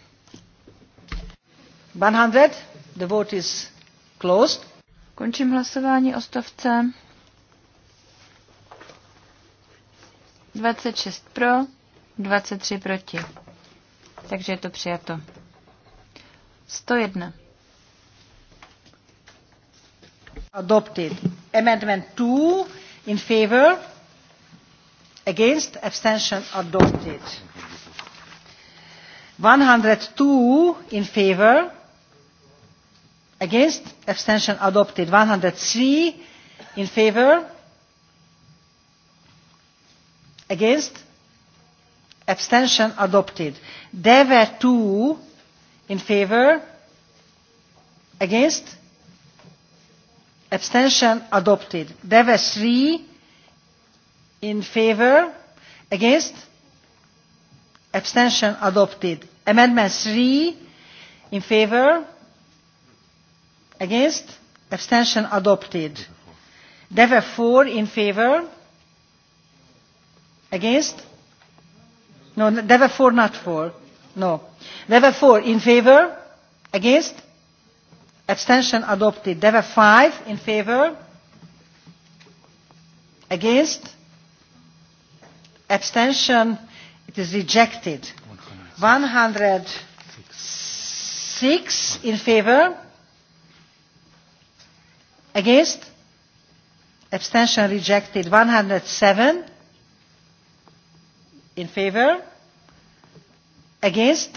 100. The vote is closed. Končím hlasování o stovce. 26 pro, 23 proti. Takže je to přijato. 101. Adopted. Amendment 2 in favor. Against abstention adopted. 102 in favor against abstention adopted 103 in favor against abstention adopted there were two in favor against abstention adopted there were three in favor against abstention adopted Amendment 3 in favor, against, abstention adopted. deva four in favor, against, no, deva four, not four, no. deva four in favor, against, abstention adopted. deva five in favor, against, abstention, it is rejected. 106 in favor. Against? Abstention rejected. 107 in favor. Against?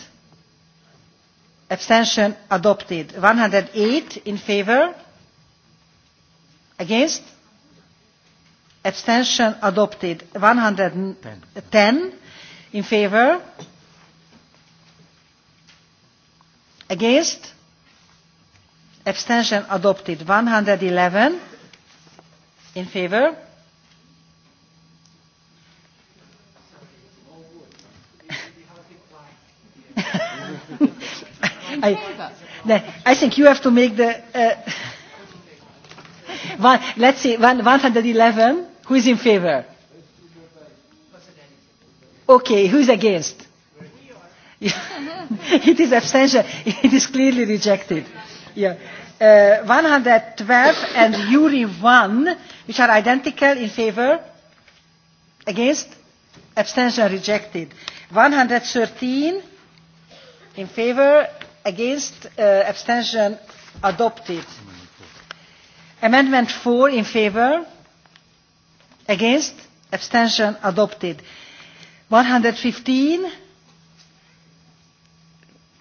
Abstention adopted. 108 in favor. Against? Abstention adopted. 110 in favor. against abstention adopted 111 in favor I, I think you have to make the uh, one, let's see one, 111 who is in favor okay who is against it is abstention. It is clearly rejected. Yeah. Uh, 112 and URI 1, which are identical in favor, against, abstention rejected. 113 in favor, against, uh, abstention adopted. Amendment 4 in favor, against, abstention adopted. 115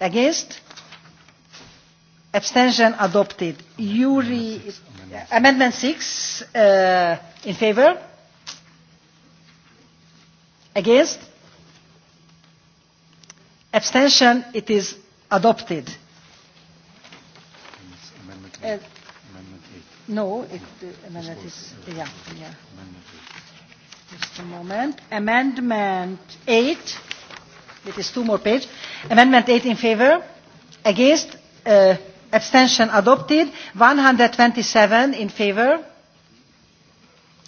Against? Abstention adopted. amendment, amendment uh, in favor? Against? Abstention, it is adopted. Uh, no, uh, amendment is, yeah, yeah. Just a moment. Amendment 8 it is two more pages. Amendment 8 in favor, against, uh, abstention adopted. 127 in favor,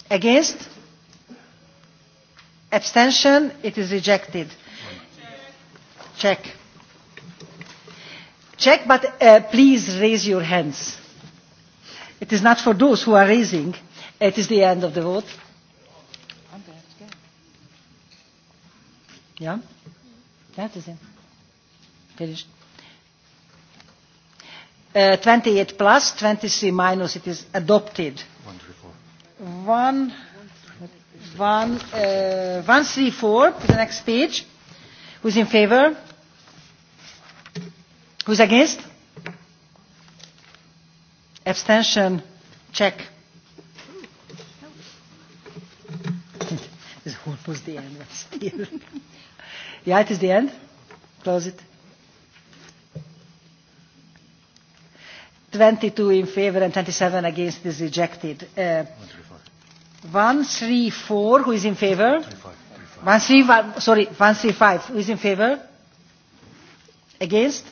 against, abstention, it is rejected. Check. Check. Check, but uh, please raise your hands. It is not for those who are raising. It is the end of the vote. Yeah? That is it. Finished. Uh, 28 plus, 23 minus, it is adopted. 134. One, one, uh, 134, to the next page. Who's in favor? Who's against? Abstention? Check. this is almost the end, but still. Yeah, it is the end. Close it. 22 in favor and 27 against is rejected. Uh, 134, who is in favor? 135, sorry, 135, who is in favor? Against?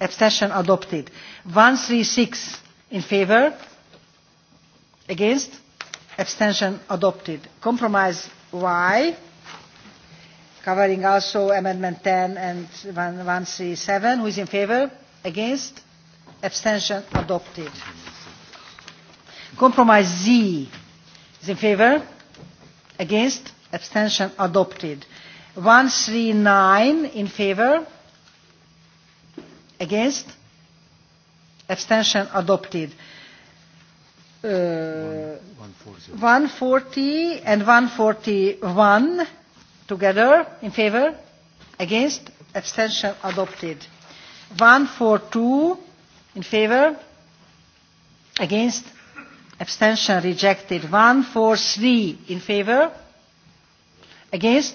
Abstention adopted. 136 in favor? Against? Abstention adopted. Compromise Y covering also amendment 10 and 137. Who is in favour? Against? Abstention adopted. Compromise Z is in favour? Against? Abstention adopted. 139 in favour. Against? Abstention adopted. Uh, 140 and 141 together in favor against abstention adopted 142 in favor against abstention rejected 143 in favor against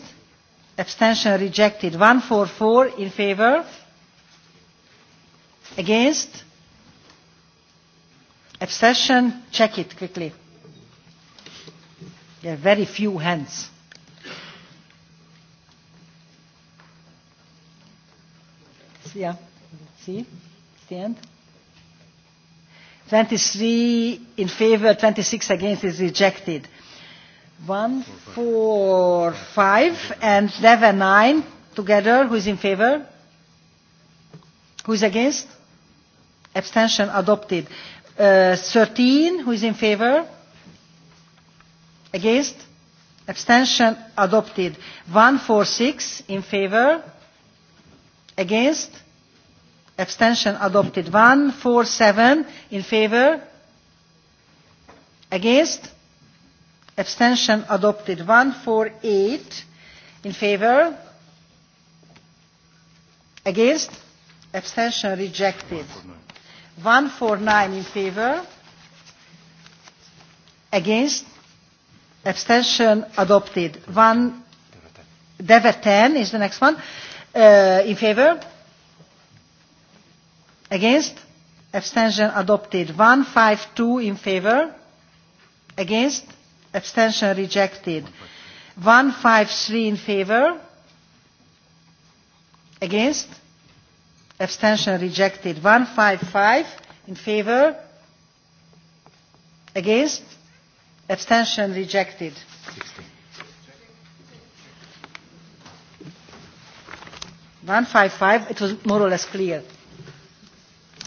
abstention rejected 144 in favor against abstention check it quickly there are very few hands yeah. See? The end. 23 in favor, 26 against is rejected. 1, 4, 5 and 11, 9 together. Who is in favor? Who is against? Abstention adopted. Uh, 13, who is in favor? Against? Abstention adopted. 6 in favor against abstention adopted 147 in favor against abstention adopted 148 in favor against abstention rejected 149 in favor against abstention adopted one Deva 10 is the next one Uh, in favor? Against? Abstention adopted. 152 in favor? Against? Abstention rejected. 153 in favor? Against? Abstention rejected. 155 in favor? Against? Abstention rejected. 16. 155, it was more or less clear.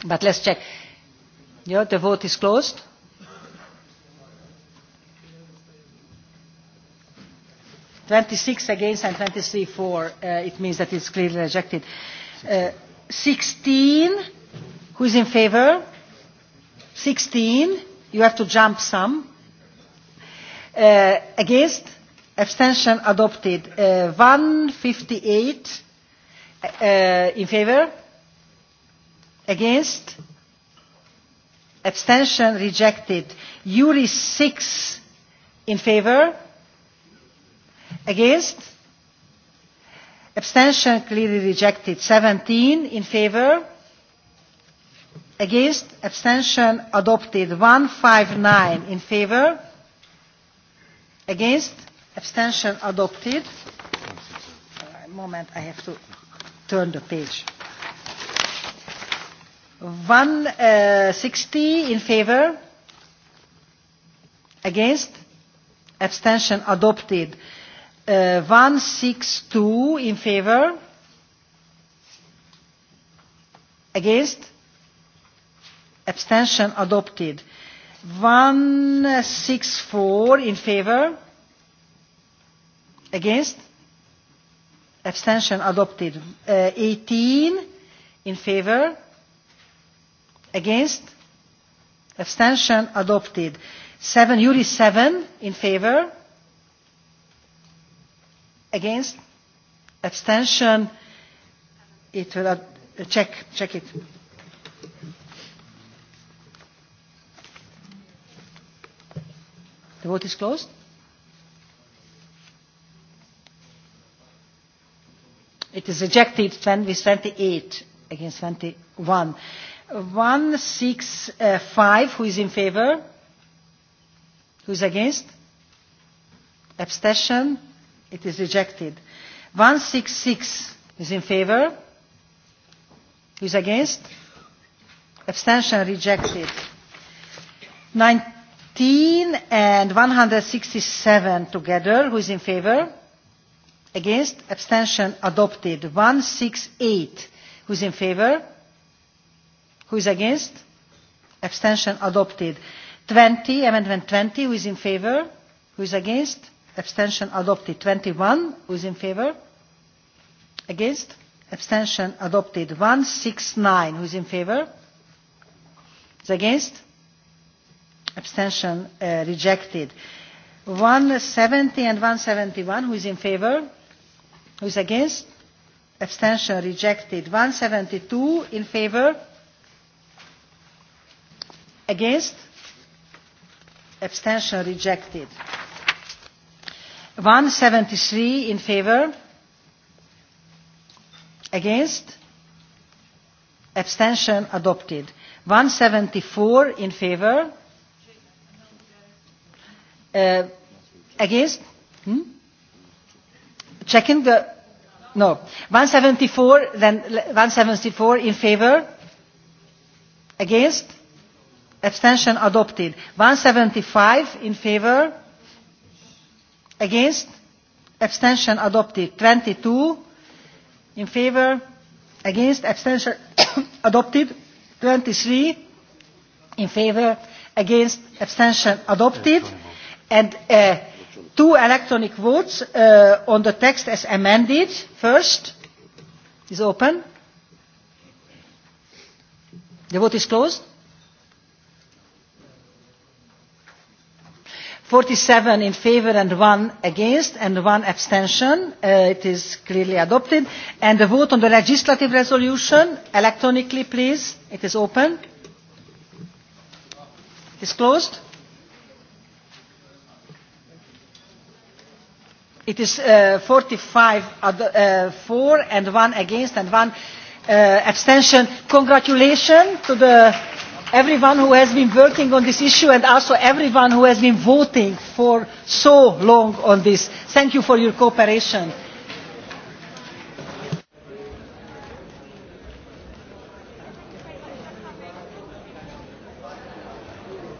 But let's check. Yeah, the vote is closed. Twenty-six against and twenty-three for. Uh, it means that it's clearly rejected. Uh, who is in favour? Sixteen, you have to jump some. Uh, against, abstention adopted. Uh, 158 Uh, in favor? Against? Abstention rejected. yuri 6 in favor? Against? Abstention clearly rejected. 17 in favor? Against? Abstention adopted. 159 in favor? Against? Abstention adopted. moment, I have to turn the page. 160 uh, in favor, against, abstention adopted. Uh, 162 in favor, against, abstention adopted. 164 in favor, against, abstention adopted uh, 18 in favor against abstention adopted 7 Yuri 7 in favor against abstention it will uh, check check it the vote is closed It is rejected with eight against twenty one. One six uh, five who is in favor? Who is against? Abstention? It is rejected. One six six is in favor. Who is against? Abstention rejected. Nineteen and one hundred sixty seven together. Who is in favor? against abstention adopted 168 who is in favor who is against abstention adopted 20 amendment 20 who is in favor who is against abstention adopted 21 who is in favor against abstention adopted 169 who is in favor is against abstention uh, rejected 170 and 171 who is in favor Who is against? Abstention rejected. 172 in favor? Against? Abstention rejected. 173 in favor? Against? Abstention adopted. 174 in favor? Uh, against? Hmm? Checking the no. 174, then 174 in favor. Against? Abstention adopted. 175 in favor. Against? Abstention adopted. 22 in favor. Against? Abstention adopted. 23 in favor. Against? Abstention adopted. And uh, two electronic votes uh, on the text as amended. First is open. The vote is closed. 47 in favor and one against and one abstention. Uh, it is clearly adopted. And the vote on the legislative resolution, electronically please. It is open. It is closed. It is uh, forty five uh, for and one against and one uh, abstention. Congratulations to the, everyone who has been working on this issue and also everyone who has been voting for so long on this. Thank you for your cooperation.